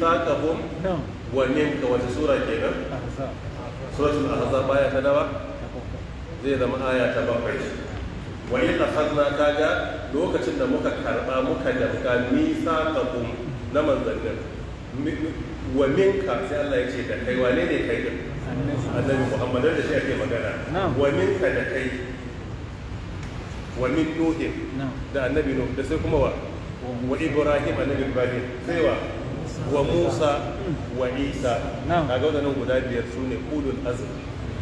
mithaqahum wa minka wata sura kenan suratul ahzab baya ta dawa zai zama aya ta bakwai wa in akhadna kaga lokacin da muka karba muka damka mithaqahum na manzannin wa minka sai Allah ya ce da kai wane ne kai din annabi Muhammad da shi ake magana wa minka da kai wa min nuhin da annabi nuh da sai kuma wa wa ibrahim annabi ibrahim sai wa wa Musa wa Isa kaga wadannan guda biyar su ne ulul Sune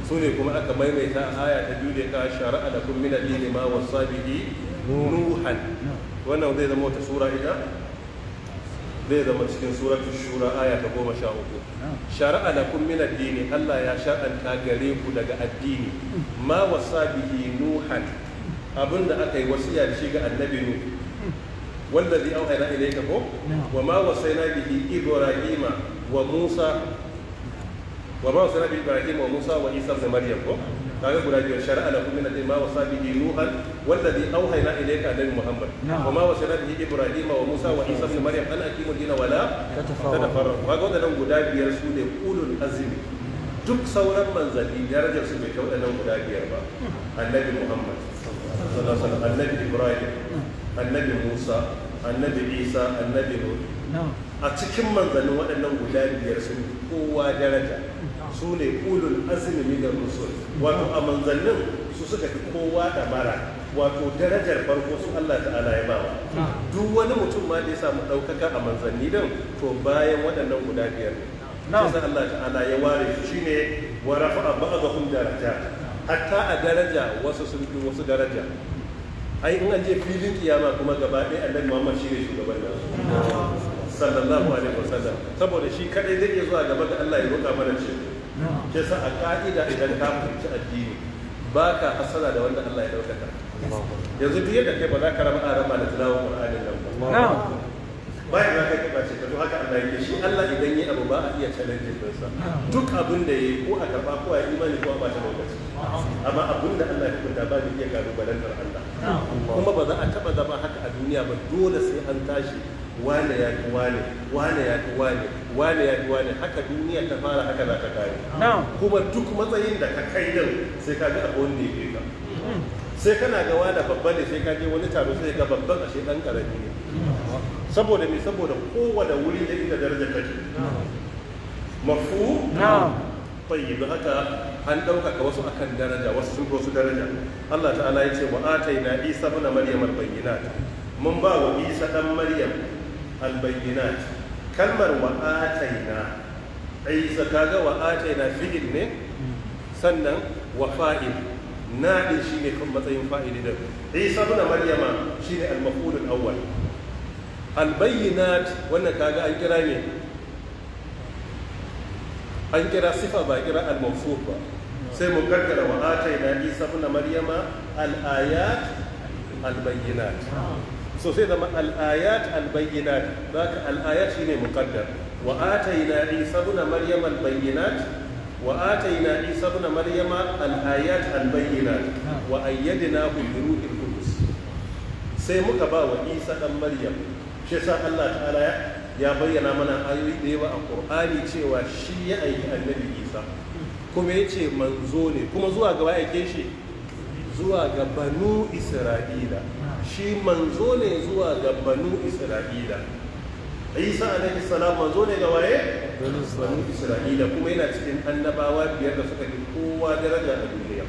su ne kuma aka maimaita aya ta biyu da ka shara'a da kun mina dini ma wasa bihi nuhan wannan zai zama wata sura ita zai zama cikin suratul shura aya ta goma sha uku Shari'a da kun mina dini Allah ya sha'anta gare ku daga addini ma wasa bihi nuhan abinda aka yi wasiya da shi ga annabi nuhu wallazi auhayna ilayka ko wa ma wasayna bihi ibrahima wa musa wa ma wasayna bihi ibrahima wa musa wa isa ibn maryam ko kaga guda biyar shar'a lakum min ma wasa bihi nuhan wallazi auhayna ilayka annabi muhammad wa ma wasayna bihi ibrahima wa musa wa isa ibn maryam an dina wala tatafarraqu kaga wadannan guda biyar su duk sauran manzanni darajar su bai kai nan guda biyar ba annabi muhammad sallallahu alaihi wasallam annabi ibrahim annabi musa annabi isa annabi nuhu a cikin manzannin waɗannan guda biyar sun kowa daraja su ne ulul azumi minar rusul wato a manzannin su suka fi kowa da mara wato darajar farko su Allah ta'ala ya bawa duk wani mutum ma da ya samu ɗaukaka a manzanni din to bayan waɗannan guda biyar ne sai Allah ta'ala ya ware shi shine wa rafa'a ba'dahum daraja hatta a daraja wasu sun fi wasu daraja ai in an je filin kiyama kuma gaba ɗaya annabi Muhammad shi ne shugaban nan sallallahu alaihi wasallam saboda shi kadai zai iya zuwa gaba da Allah ya roƙa mana ce ke sa a ka'ida idan ka fahimci addini ba ka hasala da wanda Allah ya ɗaukaka yanzu duk yadda kai ba za ka raba arama da tilawar Qur'anin nan ba bayan ya kai kace ka to haka Allah yake shi Allah idan yi abu ba a iya challenge din sa duk abin da yayi ko a karba ko a imani ko a ba ta lokaci amma abin da Allah ya kunta ba ni iya gaba balantar Allah kuma ba za a taba zama haka a duniya ba dole sai an tashi wane ya fi wane wane ya fi wane wane ya fi wane haka duniya ta fara haka za ta kare kuma duk matsayin da ka kai nan sai ka ga abu wanda ya ka mm. sai kana ga wani babba ne sai ka je wani taro sai ga babban ashe dan karami ne saboda me saboda kowane wuri da inda daraja take mafu na'am tayyib haka an ɗaukaka wasu akan daraja wasu sun wasu daraja Allah ta'ala ya ce wa na Isa ibn Maryam albayyinat mun ba wa Isa ɗan Maryam albayyinat kalmar wa na Isa kaga wa na fi'il ne sannan wa fa'il nadi ne kan matsayin fa'il da Isa ibn Maryam shi ne almakulun al-awwal al wannan kaga an kira ne an kira sifa ba kira al ba sai mu kaddara wa na isa ibn maryama al-ayat al-bayyinat so sai zama al-ayat al-bayyinat zaka al-ayat shine muqaddar wa ataina isa ibn maryama al-bayyinat وآتينا عيسى ابن مريم الآيات البينات وأيدناه بروح القدس sai muka ba wa Isa dan Maryam shi sa Allah ta'ala ya bayyana mana ayoyi da yawa a Qur'ani cewa shi ya aiki Annabi Isa kuma ya ce manzo ne kuma zuwa gaba ya ke shi zuwa ga banu isra'ila shi manzo ne zuwa ga banu isra'ila isa alaihi salam manzo ne ga waye banu isra'ila kuma yana cikin annabawa biyar da suka yi kowa daraja a duniya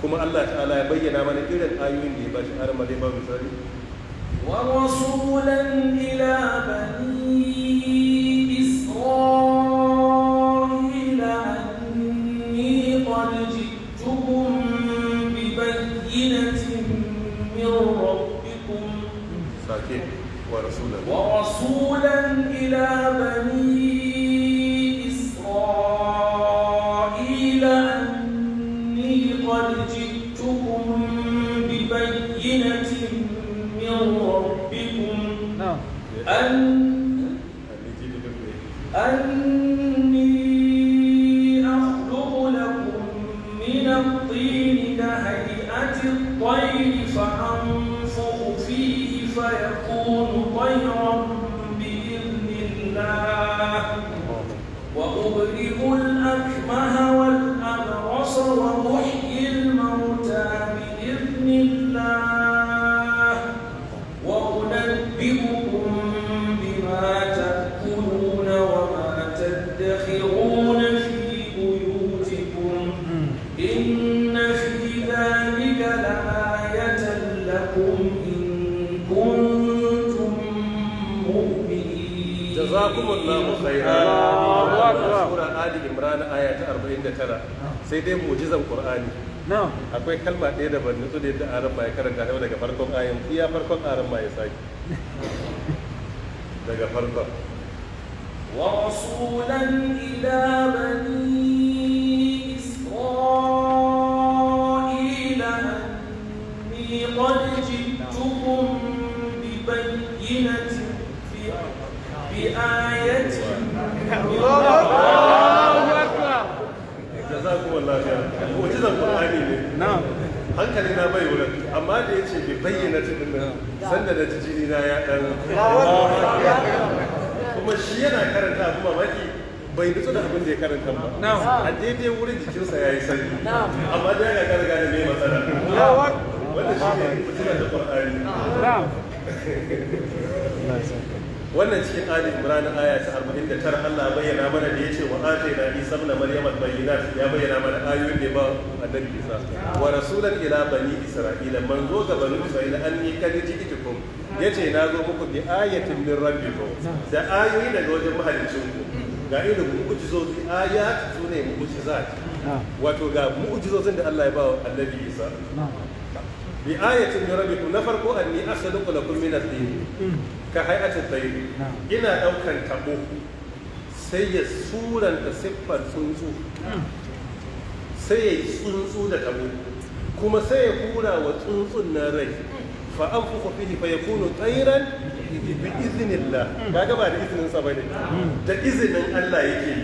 kuma Allah ta'ala ya bayyana mana irin ayoyin da ya bashi har ma dai ba misali wa rasulan ila bani isra'ila ساكن ورسولا ورسولا إلى بني shekara sai dai mu'jizan qur'ani akwai kalma ɗaya da ban nutsu da yadda aran ya karanta ta daga farkon ayin iya farkon aran ya saki daga farkon wa rasulan ila bani isra'ila anni qad jitukum bi bayyinatin bi ayatin hankali na bai wurin amma da ya ce bai bayyana ta nan sanda da jini na ya dan kuma shi yana karanta kuma mamaki bai nutsu da abin da ya karanta ba a daidai wurin jikinsa ya yi sanyi amma da ya ga gane mai matsala wanda shi ne mutum da ƙwarƙari wannan cikin ali imran aya ta 49 Allah bayyana mana da yace wa atayna isa ibn maryam al-bayyinat ya bayyana mana ayoyin da ba annabi isa wa rasulan ila bani isra'ila zo ga bani isra'ila anni kad ji'tukum yace na zo muku bi ayatin min rabbikum da ayoyi daga wajen ku. ga ku irin mu'jizozi ayat sune zati wato ga mu'jizozin da Allah ya ba annabi isa bi ayatin min rabbikum na farko anni asaluku lakum min al din ka hai'ata tsaye ina ɗaukan tabo sai ya suranta siffar tsuntsu sai ya yi tsuntsu da tabo kuma sai ya hura wa tsuntsun na rai fa an fuku fili fa kuno tsairan bi iznillah la. ba da izinin sa bane da izinin Allah yake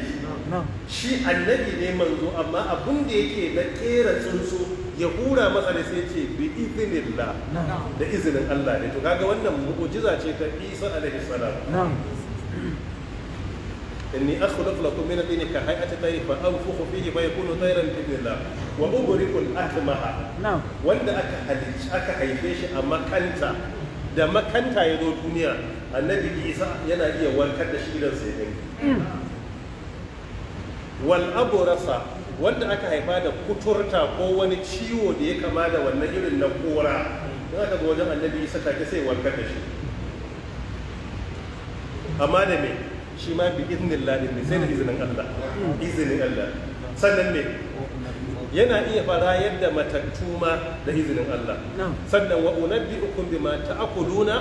shi annabi ne manzo amma abin da yake na kera tsuntsu ya hura masa sai ce bi izinin la da izinin Allah ne to kaga wannan mu'jiza ce ta Isa alaihi salam na'am inni akhluq lakum min al ka hay'ati tayr fa anfukhu fihi fa yakunu tayran bi idhnillah wa ubriku al-ahmaha wanda aka aka haife shi a makanta da makanta ya zo duniya annabi Isa yana iya warkar da shi idan sai dai mm. wal abrasa wanda aka haifa da kuturta ko wani ciwo da ya kama da wannan irin na kora don aka wajen annabi isa take sai warkar da shi amma da me shi ma bi iznin ladin ne sai da izinin Allah izinin Allah sannan me yana iya fara yadda matattu ma da izinin Allah sannan wa unabbi ukum bima ta'kuluna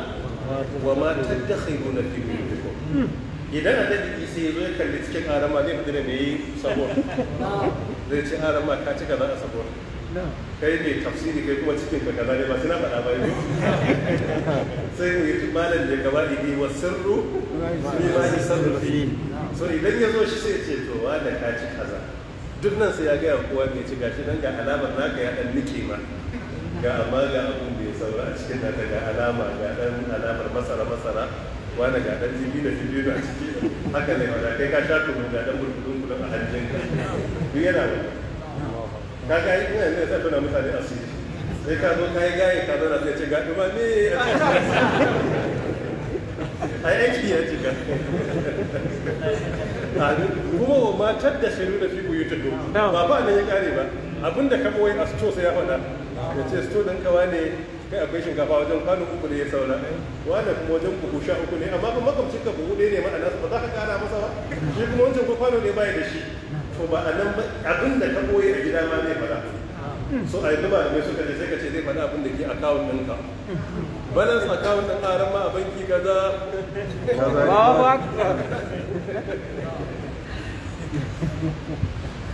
wa ma tadakhiruna fi buyutikum hmm. idan a daɗi isa ya zo ya kalli cikin arama ne hudu da mai sabon zai ce arama ka ci kaza a sabon kai ne tafsiri kai kuma cikin ka kaza ne ba suna faɗa ba yau sai ne yi malam da gaba yi wa sirru ni ma ni sirru fi so idan ya zo shi sai ce to wa da ka ci kaza duk nan sai ya gaya kowa ne ci gashi dan ga alamar naka ya dan nike ma ga amma ga abin da ya saura a cikin naka ga alama ga dan alamar masara masara wani ga dan jibi da jibi da ciki haka ne wanda kai ka sha tunu ga dan burkudun kudin a hajjin ka duk yana wani ka ga yi ina ne sai tuna mutane asiri sai ka zo ka yi sai ce ga ya cika kuma wa matar da fi buyu ba ba ne ya kare ba abinda ka boye a sto sai ya faɗa ya ce sto ɗin kawa ne kai akwai shinkafa wajen kwano uku ne ya saura wanda kuma wajen buhu sha uku ne amma kuma makamcin ka buhu ɗaya ne ma'ana ba za ka kara masa ba shi kuma wancan ko kwano ne bai da shi to ba a nan abin da ka ɓoye a gida ma zai fada so a yanzu ba mai suka ne sai ka ce zai fada abin da ke akawun ɗinka balance account ɗin aran ma a banki kaza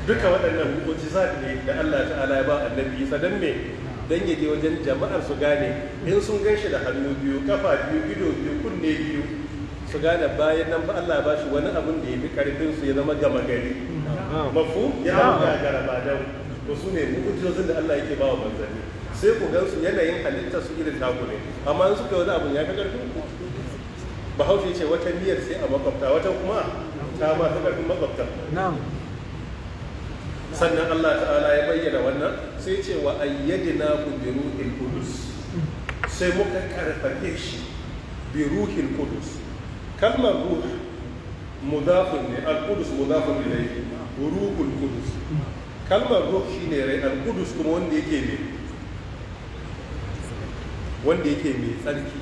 duka waɗannan hukunci zaɓi ne da Allah ta'ala ya ba annabi sadan me don ya je wajen jama'ar su gane in sun gan shi da hannu biyu kafa biyu ido biyu kunne biyu su gane bayan nan ba Allah ba shi wani abun da ya fi karfin su ya zama gama gari mafu ya gagara ba dan ko su ne mu'ujizozin da Allah yake ba wa manzanni sai ku gan su yanayin halitta su irin taku ne amma in suka wani abun ya fi karfin ku bahaushe ce wata niyyar sai a makwabta wata kuma ta ba ta karfin makwabta sannan Allah ta'ala ya bayyana wannan sai ce wa ayyadina ku bi ruhil qudus sai muka karfafe shi bi ruhil qudus kalmar ruh mudafun ne al qudus mudafun ilayhi ruhul qudus kalmar ruh shine rai al qudus kuma wanda yake ne wanda yake mai tsarki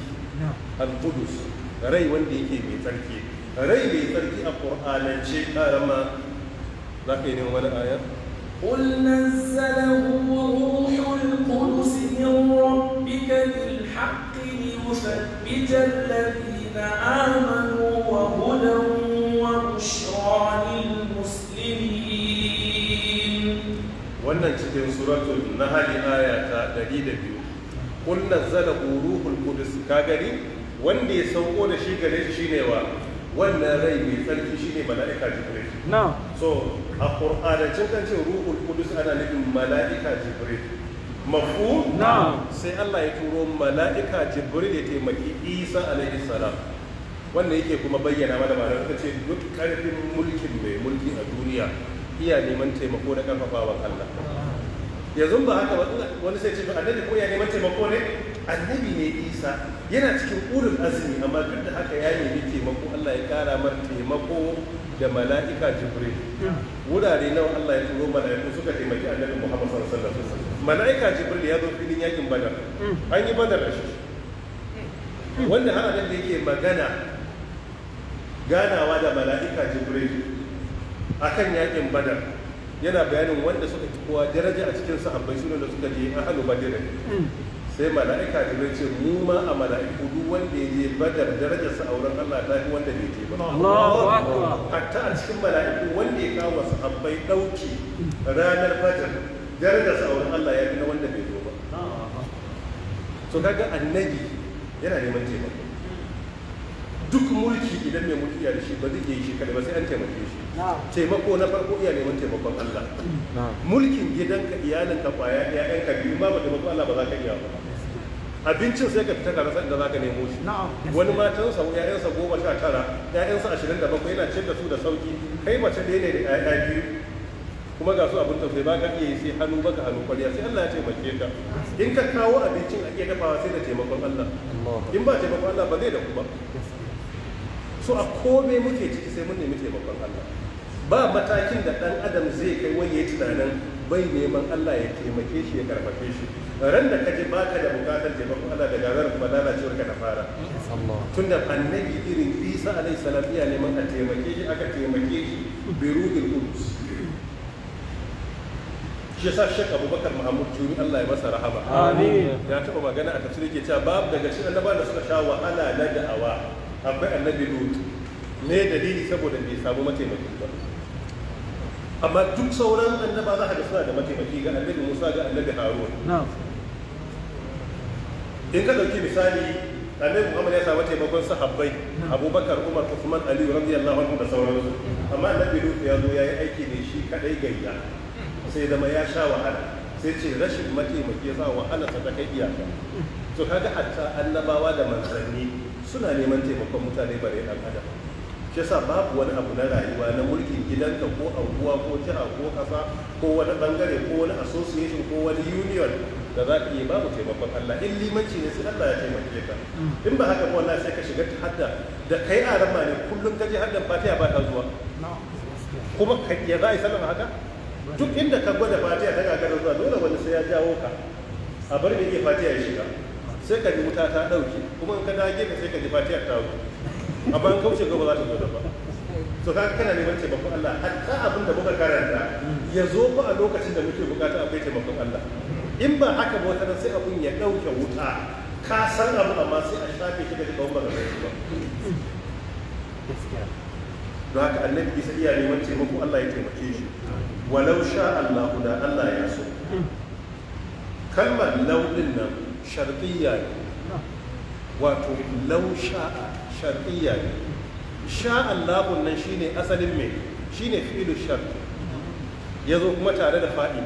al qudus rai wanda yake mai tsarki rai mai tsarki a qur'anance karama za ka yi neman wani ayar قل نزله روح القدس من ربك بالحق ليثبت الذين آمنوا وهدى وبشرى للمسلمين wannan cikin suratul nahl aya ta 102 qul nazzalahu ruhul qudus ka gani wanda ya sauko da shi gare shi ne wa wannan rai mai tsarki shine mala'ika jibril na so a qur'anancin kan ce ruhul Kudus ana nufin mala'ika jibril mafu na sai Allah ya turo mala'ika jibril ya taimaki isa alaihi salam wannan yake kuma bayyana mana ba ta ce duk karfin mulkin mai mulki a duniya iya neman taimako da karfafawa Allah yanzu ba haka wani sai ce annabi ko ya neman taimako ne annabi ne isa yana cikin urin azumi amma duk da haka ya nemi taimako allah ya kara mar taimako da mala'ika jibril wurare nawa allah ya turo mala'iku suka taimaki annabi muhammad sallallahu alaihi wasallam mala'ika jibril ya zo filin yakin badar an yi badar da shi wanda har nan da yake magana ganawa da mala'ika jibril akan yakin badar yana bayanin wanda suka ci kowa daraja a cikin sahabbai sunan da suka je ahalu badar sai mala'ika jibril ce mu ma a mala'iku duk wanda ya je badar darajarsa a wurin Allah ta fi wanda bai je ba hatta a cikin mala'iku wanda ya kawo sahabbai dauki ranar badar darajarsa a wurin Allah ya fi na wanda bai zo ba to kaga annabi yana neman taimako duk mulki idan mai mulki da shi ba zai iya shi kada ba sai an taimake shi taimako na farko iya neman taimakon Allah mulkin gidanka iyalinka kwaya ka biyu ba ba taimakon Allah ba za ka iya ba abincin sai ka fita ka rasa inda za ka nemo shi wani matansa yansa goma sha tara yansa ashirin da bakwai yana cin da su da sauki kai mace ɗaya ne da 'ya'ya biyu kuma ga su abin tausayi ba ka iya yi sai hannu baka hannu kwariya sai Allah ya taimake ka in ka kawo abincin a iya dafawa sai da taimakon Allah in ba taimakon Allah ba zai da ba. so a kome muke ciki sai mun nemi taimakon Allah ba matakin da ɗan adam zai kai waye ya tunanin bai neman Allah ya taimake shi ya karfafe shi ran da kaje baka da bukatar taimakon Allah daga ran kuma lalacewar ka ta fara tunda annabi irin Isa alaihi salam iya neman a taimake shi aka taimake shi bi ruhil qudus shi yasa shek Abubakar Mahamud Juni Allah ya masa rahama amin ya taba magana a tafsir yake cewa babu daga cikin annabawan da suka sha wahala na da'awa akwai annabi lutu ne dalili saboda bai samu mataimaki ba amma duk sauran annaba za a suna da mataimaki ga annabi musa ga annabi harun in ka dauki misali annabi muhammad ya samu taimakon sahabbai abubakar umar usman ali radiyallahu anhu da sauransu amma annabi lutu ya zo ya yi aiki ne shi kadai gayya sai zama ya sha wahala sai ce rashin mataimaki ya sa wahala ta kai iyaka to kaga hatta annabawa da manzanni suna neman taimakon mutane bare ɗan adam shi yasa babu wani abu na rayuwa na mulkin gidanka ko anguwa ko jiha ko kasa ko wani bangare ko wani association ko wani union da za ka iya babu taimakon Allah in limanci ne sai Allah ya taimake ka mm. in ba haka ba wallahi sai ka shiga ta hadda da kai a rama ne kullum ka je haddan fatiha ba ta zuwa kuma ka ya za a yi sallama haka duk inda ka gwada fatiya ta gagara zuwa dole wani sai ya jawo ka a bar da iya fatiya ya shiga sai ka ji wuta ta ɗauke kuma in ka dage ka sai ka ji fatiha ta zo a ban kauce gaba za ta zo da ba to ka kana neman taimakon Allah hatta abin da muka karanta ya zo ku a lokacin da muke bukata akwai taimakon Allah in ba haka ba wata sai abin ya ɗauke wuta ka san abu amma sai a shafe shi da jikon ba da shi ba don haka annabi isa iya neman taimako Allah ya taimake shi walau sha Allah da Allah ya so kalmar launin nan sharɗiyya ne wato lau sha'a sharɗiyya ne sha'an labun nan shine asalin mai shine fi'ilu sharɗi ya zo kuma tare da fa'ili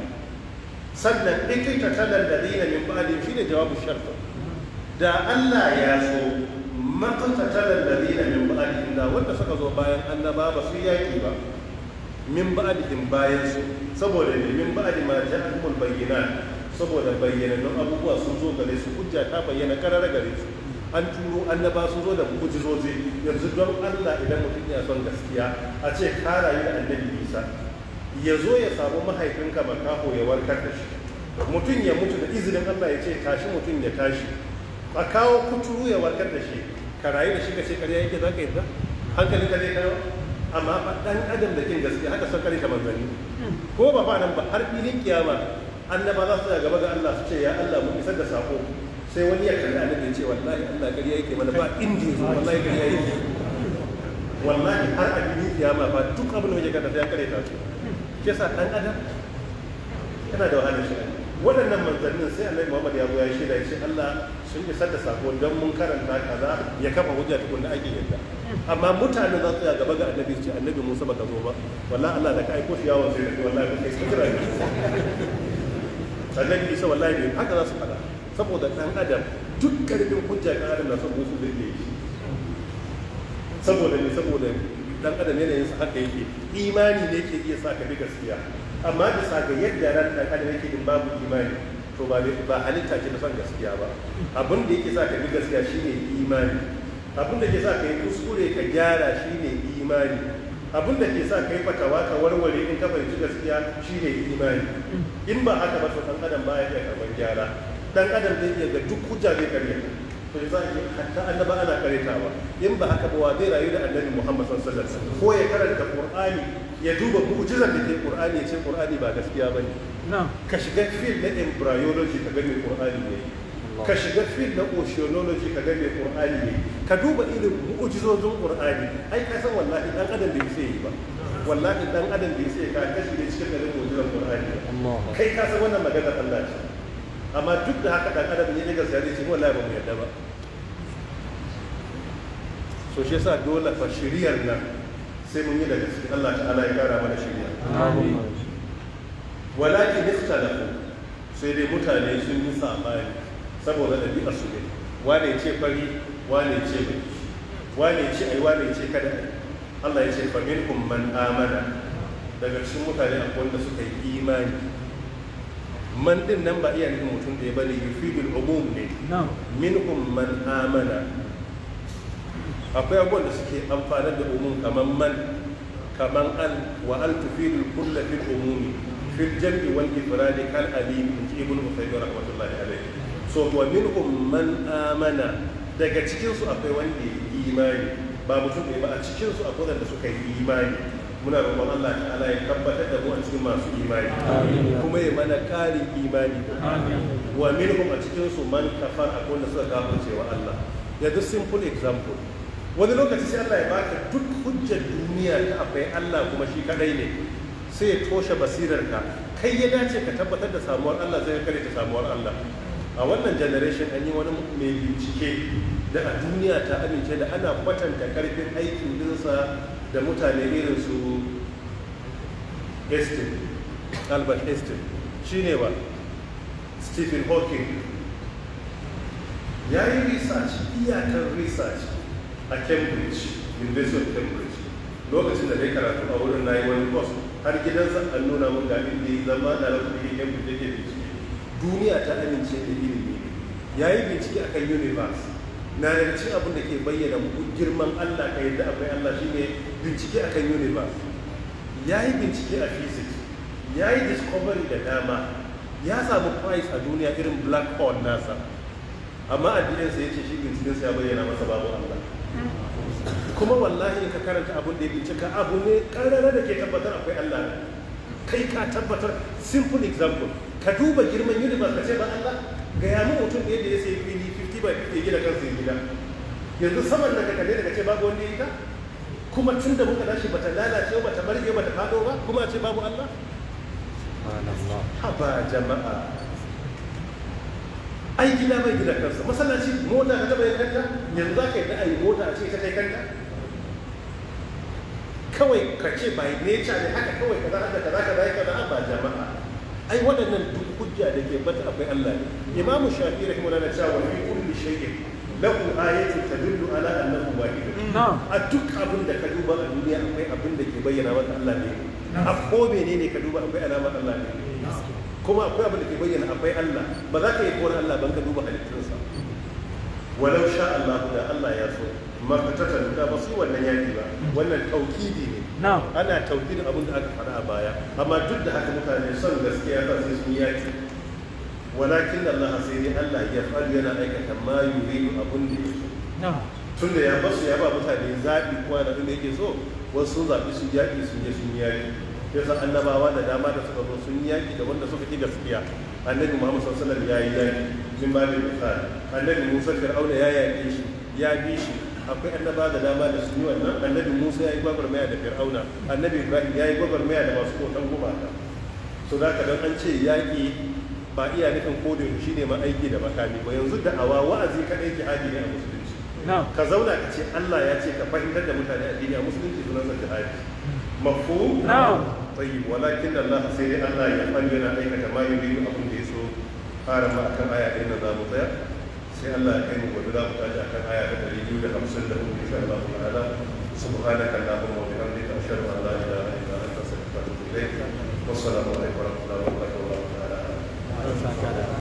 sannan ikita talar da zina min ba'adin shine jawabu sharɗi da Allah ya so makatalar da zina min ba'adin da wanda suka zo bayan annaba ba su yaƙi ba min ba'adin bayan su saboda ne min ba'adin ma ja'akul bayyana saboda don abubuwa sun zo gare su hujja ta bayyana karara gare su an turo annaba sun zo da mu'jizozi yanzu don Allah idan mutum ya son gaskiya a ce ka rayu da annabi Isa ya zo ya samu mahaifinka ba makaho ya warkar da shi mutum ya mutu da izinin Allah ya ce tashi mutum ya tashi a kawo kuturu ya warkar da shi ka rayu da shi ka ce karya yake za ka yi hankalin ka zai kawo amma ɗan adam da kin gaskiya haka son kare kamar manzanni ko ba ba nan ba har filin kiyama annaba za su gaba ga Allah su ce ya Allah mun isar da sako sai wani ya kalli annabi ya ce wallahi Allah gari yake mana ba inda yazo wallahi gari yake wallahi har a ya ma ba duk abin da yake kada sai ya kare ta ke sa dan adam yana da wahalar shi waɗannan manzannin sai annabi Muhammad ya zo ya shi ya ce Allah sun isar da sako don mun karanta kaza ya kafa hujja tukun da ake yadda amma mutane za su ya gaba ga annabi ce annabi Musa baka zo ba wallahi Allah da ka aiko shi yawon sai wallahi kai kira annabi isa wallahi bai haka za su faɗa saboda ɗan adam duk ƙarfin hujja ɗan adam na son musu zai iya yi saboda ne saboda ɗan adam yanayin yanayinsa haka yake imani ne ke iya sa ka bi gaskiya amma bisa ga yadda ran ɗan adam yake din babu imani to ba ba halitta ce na son gaskiya ba abin da yake sa ka bi gaskiya shine imani abin da ke sa ka yi kuskure ka gyara shine imani abin da ke sa ka yi fatawa ka warware in ka fahimci gaskiya shine imani in ba haka ba to dan adam ya iya karban gyara dan adam zai iya ga duk hujja zai karya to ya zai hatta annaba ana karetawa in ba haka ba wa zai rayu da annabi Muhammad sallallahu alaihi wasallam ko ya karanta Qur'ani ya duba mu'jizar da ke Qur'ani ya ce Qur'ani ba gaskiya bane ka shiga field na embryology ka ga me Qur'ani ne ka shiga field na oceanology ka ga me Qur'ani ne ka duba irin mu'jizozin Qur'ani ai ka san wallahi dan adam bai sai yi ba wallahi dan adam da yace ka kashi ne cikin da wajen Qur'ani kai ka san wannan magana Allah ce amma duk da haka dan adam ne daga sai ce wallahi ba mu yarda ba so shi yasa dole fa shiriyar nan sai mun yi da cikin Allah ta'ala ya kara mana shiriya amin walakin ikhtalafu sai dai mutane sun yi sabani saboda dabi'ar su ne wane ce fari wane ce baki wane ce ai wane ce kada ai Allah ya ce fa minhum man amana daga cikin mutane a wanda suka yi imani man din nan ba iya nufin mutum da ya bane bil umum ne min man amana akwai abubuwan da suke amfanar da umum kamar man kamar an wa al tufidul kulla fil umumi fil jam'i wal ifradi kal alim a usaymin rahmatullahi alayhi so wa minhum man amana daga cikin su akwai wanda ya imani ba mutum ne ba a cikin su akwai da suka yi imani muna roƙon Allah ta'ala ya tabbatar da mu a cikin masu imani kuma ya mana ƙarin imani wa minhum a cikin su man kafar akwai da suka kafirce wa Allah ya duk simple example wani lokaci sai Allah ya baka duk hujjar duniya ta akwai Allah kuma shi kadai ne sai ya toshe basirar ka. kai ya dace ka tabbatar da samuwar Allah sai ka kare ta samuwar Allah a wannan generation an yi wani mai bincike da a duniya ta amince da ana kwatanta karfin aikin dinsa da mutane irin su Estin Albert Estin shine ba. Stephen Hawking ya yi research iyakar research a Cambridge University of Cambridge lokacin da dai karatu a wurin na yi wani course har gidansa an nuna mun da yi zama da lafiya Cambridge yake bincike duniya ta amince da ilimi ya yi bincike kan universe na daga cikin abin da ke bayyana muku girman Allah ka yadda akwai Allah shine bincike akan universe ya yi bincike a physics ya yi discovery da dama ya samu price a duniya irin black hole nasa amma addininsa ya ce shi bincikensa ya bayyana masa babu Allah kuma wallahi ka karanta abin da ya bincika abu ne karara da ke tabbatar akwai Allah kai ka tabbatar simple example ka duba girman universe ka ce ba Allah ga ya mutum da da ya sai kiti ba ya gina kansu ya gida yanzu saman da kakane daga ce babu wanda ya kuma tun da muka dashi bata lalace ba barge marge ta fado ba kuma ce babu Allah haba jama'a ai gida bai gina kansa masallaci mota ka taba yin kanta yanzu za ka yi da'ayi mota a ce ta kai kanta kawai ka ce bai neca ne haka kawai kaza haka kaza kaza kaza ba jama'a ai waɗannan duk hujja da ke bata akwai Allah ne imam shafi rahimahullah na cewa fi kulli shay'in lahu ayatun tadullu ala annahu wahid a duk abin da ka duba a duniya akwai abin da ke bayyana maka Allah ne a ko menene ka duba akwai alama Allah ne kuma akwai abin da ke bayyana akwai Allah ba za ka yi kowar Allah ban ka duba halittunsa walau sha Allah da Allah ya so ma ka tattalu da ba su wannan yaki ba wannan tauƙidi ne ana tauhidin abin da aka faɗa a baya amma duk da haka mutane son gaskiya ba sai sun yaki walakin Allah sai dai Allah ya faru yana aikata ma yuridu abin da yake tun da ya basu ya ba mutane zaɓi kuma da inda yake so wasu sun zabi su yaki sun je sun yaki ya san annabawa da dama da suka zo sun yaki da wanda suka ƙi gaskiya annabi Muhammad sallallahu alaihi wasallam ya yi yaƙi min babin misali annabi Musa Fir'auna ya yaƙe shi ya bi shi akwai annaba da dama da sun yi wannan annabi musa ya yi gwagwarmaya da fir'auna annabi ibrahim ya yi gwagwarmaya da masu kotan gumaka so da ka don an ce yaƙi ba iya nufin kodin shi ne ma aiki da makami ba yanzu da awa wa'azi kaɗai jihadi ne a musulunci ka zauna ka ce allah ya ce ka fahimtar da mutane a a musulunci sunan sa jihadi mafu tayyib walakin allah sai allah ya fanyana aikata ma yuridu abin da ya so fara ma akan aya ɗin da za mu tsaya sai Allah ya kai mu gobe za mu tashi akan aya ta ɗari biyu da hamsin da hudu insha Allah ta'ala subhanaka allahumma wa bihamdika ashhadu an la ilaha illa anta astaghfiruka wa atubu ilayk wassalamu alaikum wa rahmatullahi wa barakatuh